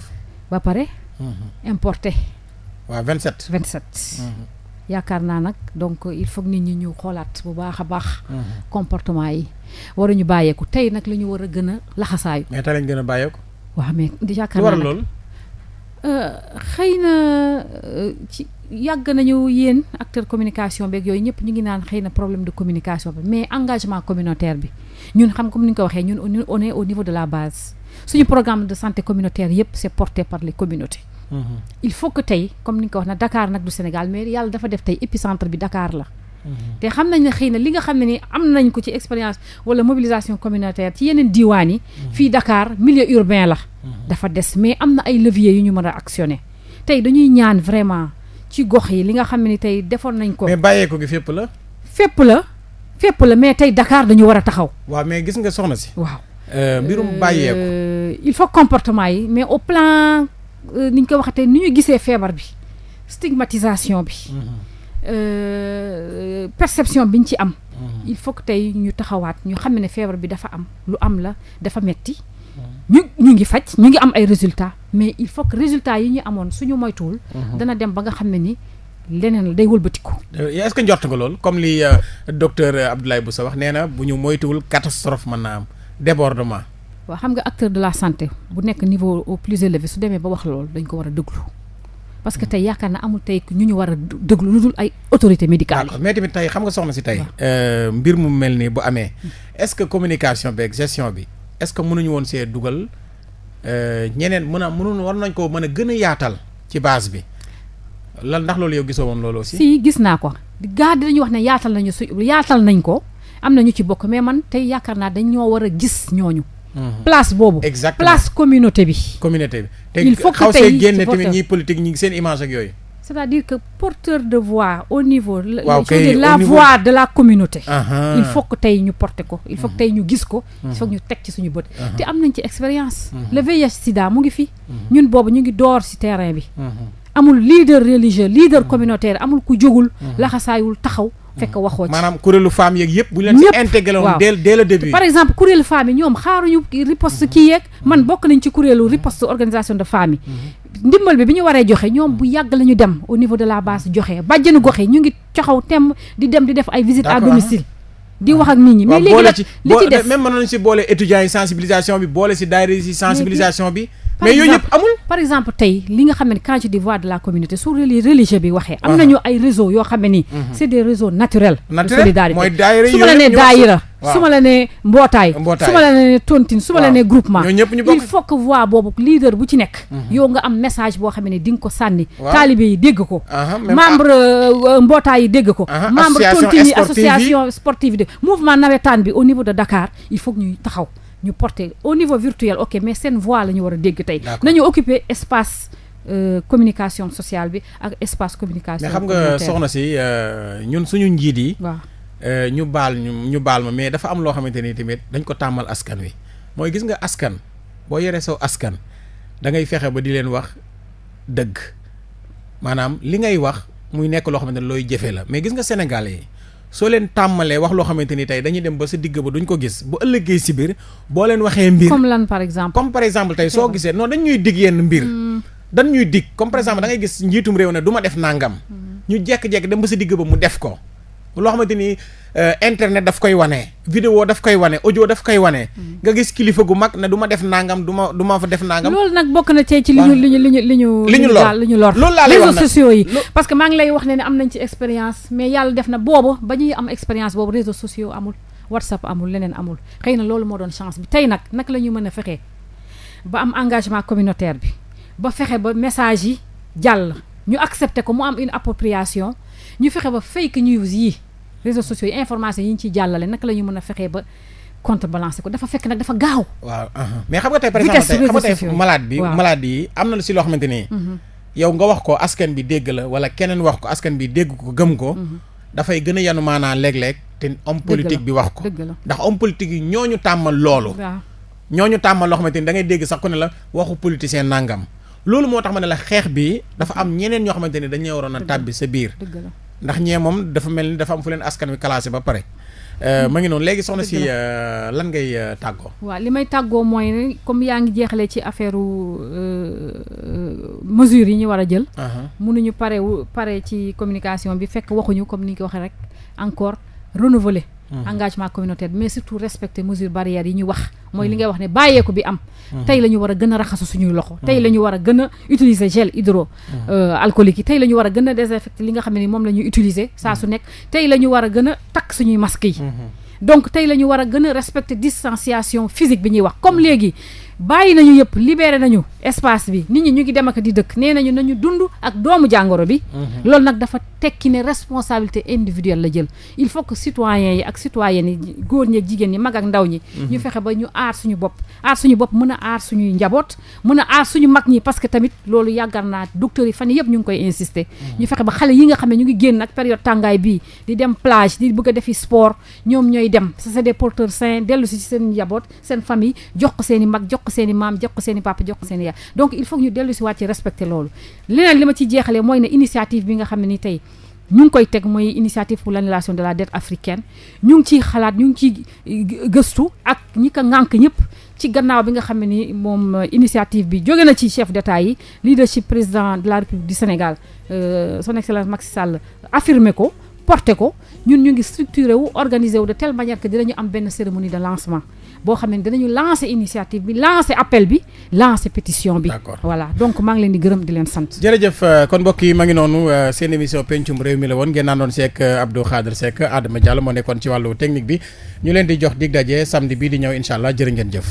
ba pare. Mm-hmm. importé. waaw 27. 27. Mm-hmm. yaakaar naa nag donc il faut nit ñi ñu xoolaat bu baax a baax. comportement yi war a ñu bàyyeeku tey nag la ñu war a gën a laxasaayu. mais tey lañ gën a bàyyeeku. waa mais yaakaar naa nag lu war lool. Euh, xëy na euh, ci yàgg nañu yéen acteur communication beeg yooyu ñëpp ñu ngi naan xëy na problème de communication bi mais engagement communautaire bi. ñun xam comme ni ñu ko waxee ñun ñun on est au niveau de la base suñu programme de santé communautaire yëpp c'est porté par les communautés. Mm-hmm. il faut que tey comme ni nga ko wax na Dakar nag du Sénégal mais yàlla dafa def tey épicentre bi Dakar la. Mm-hmm. te xam nañ ne xëy na li nga xam ne ni am nañ ko ci expérience wala mobilisation communautaire ci yeneen diwaan yi. Mm-hmm. fii Dakar milieu urbain la. dafa des mais am na ay levier yu ñu mën a actionner tey dañuy ñaan vraiment ci gox yi li nga xam ne ni tey defoon nañ ko. mais bàyyeeku gi la. fépp la. fepp la mais tey dakaar dañu war a taxaw. waaw mais gis nga soxna si. waaw euh, mbirum euh, bàyyeeku. il faut comportement yi mais au plan euh, ni ñu ko waxatee ni ñu gisee feebar bi stigmatisation bi. Mhm. perception bi ñu ci am. Mhm. il faut que tey ñu taxawaat ñu xam ne feebar bi dafa am lu am la dafa metti mhm. ñu ñu ngi faj ñu ngi am ay résultat mais il faut que résultats yi ñu amoon suñu moytuwul. dana dem ba nga xam ne ni. leneen la day wëlbatiku. Euh, est-ce que njort nga lool comme li euh, docteur euh, Abdoulaye Boussa wax nee na bu ñu moytuwul catastrophe mën naa am débordement. waa xam nga acteur de la santé bu nekk niveau au plus élevé su demee ba wax loolu dañ ko war a déglu parce que tey yaakaar na amul tey ñu ñu war a déglu lu dul ay autorité médicales yi. mais tamit tey xam nga soxna si tey. mbir mu mel nii bu amee. Hmm. est-ce que communication beeg gestion bi est-ce que mënuñu woon see dugal ñeneen mën a mënoon war nañ koo mën a gën a yaatal ci base bi. lan ndax loolu yow gisoo woon looloo aussi. si gis naa ko gaa dañuy wax ne yaatal nañu su yaatal nañ ko am na ñu ci bokk mais man tey yaakar naa dañ ñoo war a gis ñooñu. Mhm. place boobu. exactement place communauté bi. communauté bi il faut que tey génne tamit ñiy seen image ak yooyu. que porteur de voix au niveau. la voix de la communauté. il tey ñu porter ko. il faut que tey ñu gis ko. il ñu teg ci suñu bët. te am nañ ci expérience. Mhm. le VIH Sida mu ngi fi. Mhm. ñun boobu ñu ngi door ci terrain bi. amul leader religieux leader mm. communautaire amul ku jógul mm-hmm. laxasaayul taxaw mm-hmm. fekk waxoo ci maanaam kuréelu femmes yeeg yëpp bu leen si intégré woon dès dès le par exemple kuréelu femmes yi ñoom xaaruñu riposte mm-hmm. kii yeeg man bokk nañ ci kuréelu riposte organisation de femmes ndimbal bi bi ñu waree joxe ñoom bu yàgg la ñu dem au niveau de la base joxe bàjjenu gox yi ñu ngi coxaw tem di dem di def ay visite à uh-huh. domicile di wax ak uh-huh. nit ñi mais léegi nag li ci des même mënoon si boole étudiants yi sensibilisation bi boole si daayira yi sensibilisation bi mais yooyu yëpp amul par exemple tey li nga xam ne quand je dis de la communauté su religieux bi waxee am ah. nañu ay réseau yoo xam ne nii mhm. c'est des réseaux naturels de solidarité su ma la nee daayira su ma la nee mbootaay su ma la nee tontine su la nee groupement il faut que voix boobu leader bu ci nekk mhm. yow nga am message boo xam ne di ko sànni taalibe yi dégg ko membre euh, mbootaay yi dégg ko membre tontine yi association sportive yi mouvement nawetaan bi au niveau de Dakar il faut que taxaw ñu porter au niveau virtuel ok mais seen voix la ñu war a dégg tey nañu occuper espace Euh, communication sociale bi ak espace communication. mais xam nga soxna si euh, ñun suñu njiit yi. waaw euh, ñu baal ñu ñu baal ma mais dafa am loo xamante ni tamit dañ ko tàmmal askan wi mooy gis nga askan boo yore saw askan da ngay fexe ba di leen wax dëgg maanaam li ngay wax muy nekk loo xamante ne looy jëfe la mais gis nga sénégalais yi soo leen tàmmalee wax loo xamante ni tey dañuy dem ba sa digg ba duñ ko gis bu ëllëgee si biir boo leen waxee mbir. comme lan par exemple. comme par exemple tey soo gisee non dañ ñuy dig yenn mbir. Mm. dañ ñuy dig comme par exemple da ngay gis njiitum réew na du def nangam. Mm. ñu jekk-jekk dem ba sa digg ba mu def ko. loo xamante ni euh, internet daf koy wane. vidéo daf koy wane audio daf koy wane. Mm. nga gis kilifa gu mag ne du ma def nangam du ma du ma fa def nangam. loolu nag bokk na ci ci li li ñu li ñu li ñu. li ñu ñu lor loolu laa lay wax réseaux sociaux yi. parce que maa ngi lay wax ne ne am nañ ci expérience mais yàlla def na boobu ba ñuy am expérience boobu réseaux sociaux amul whatsapp amul leneen amul xëy na loolu moo doon chance bi tey nag nag la ñu mën a fexe ba am engagement communautaire bi ba fexe ba message yi jàll ñu accepté ko mu am une appropriation ñu fexe ba fake news yi réseaux sociaux yi information yi ñu ciy jàllale naka la ñu mën a fexee ba contrebalancer ko dafa fekk nag dafa gaaw. waaw uh-huh. mais xam nga tey par xam nga tey malade bi malade yi am na si loo xamante ni. Mm-hmm. yow nga wax ko askan bi dégg la wala keneen wax ko askan bi dégg ko gëm ko. Mm-hmm. dafay gën a yanu maanaa léeg-léeg te homme politique bi wax ko ndax homme politique yi ñooñu tàmmal loolu ñooñu tàmmal loo xamante ni da ngay dégg sax ko ne la waxu politicien nangam loolu moo tax ma ne la bi dafa am ñeneen ñoo xamante ni dañu waroon a tàbbi sa biir ndax ñee moom dafa mel ni dafa am fu leen askan wi classé ba pare. Euh, ma ngi noonu léegi soxna si euh, lan ngay euh, tàggoo. waa li may tàggoo mooy comme yaa ngi jeexale ci affaire mesures yi ñu war a jël. Uh-huh. mënuñu pare wu pare ci communication bi fekk waxuñu comme ni ñu ko waxee rek encore renouveler. Mm-hmm. engagement communautaire bi mais surtout respecter mesures barrières yi ñuy wax mooy li mm-hmm. ngay wax ne bàyyeeku bi am mm-hmm. tey la ñu war a gën a raxasu suñuy loxo tey la ñu war a gën a utiliser gel hydro euh, alcoolique tey la ñu war a gën a désinfecter li nga xam ne ni moom la ñuy utiliser saa su nekk tey la ñu war a gën a takk suñuy masques yi donc tey la ñu war a gën a respecter distanciation physique bi ñuy wax comme léegi bàyyi nañu yëpp libéré nañu espace bi nit ñi ñu ngi dem ak di dëkk nee nañu nañu dund ak doomu jàngoro bi. Mhm. loolu nag dafa tekki ne responsabilité individuelle la jël. il faut que citoyens yi ak citoyennes yi góor ñi ak jigéen ñi mag ak ndaw ñi. Mhm. ñu fexe ba ñu aar suñu bopp aar suñu bopp mën a aar suñuy njaboot mën a aar suñu mag ñi parce que tamit loolu yàggar naa docteur yi fan yëpp ñu ngi koy insister. Mhm. ñu fexe ba xale yi nga xam ne ñu ngi génn ak période tàngaay bii di dem plage di defi sport ñoom ñooy dem c'est des porteurs sains dellu si seen njaboot seen famille jox ko seen mag jox ko seen i maam jox ko seen i papa jox ko i yaay donc il faut que ñu dellu si waat loolu leneen li ma ci jeexalee mooy ne initiative bi nga xam ne ni tey ñu ngi koy teg mooy initiative pour l'annulation de la dette africaine ñu ngi ciy xalaat ñu ngi ci gëstu ak ñi ko ŋànk ñëpp ci gannaaw bi nga xam ne ni moom initiative bi jóge na ci chef d'État yi leadership président de la République du Sénégal euh, son excellence Macky Sall affirmé ko porté ko ñun ñu ngi structuré wu organisé wu de telle manière que am benn cérémonie de lancement boo xam ne dinañu lancer initiative bi lancer appel bi lance pétition bi. d'accord voilà donc maa ngi leen di gërëm di leen sant. jërëjëf euh, kon mbokk yi maa ngi noonu euh, seen émission pencum réew mi la woon ngeen àndoon seek euh, Abdou Khadre Seck Adama Diallo moo nekkoon ci wàllu technique bi ñu leen di jox di daje samedi bii di ñëw incha allah jërë ngeen jëf.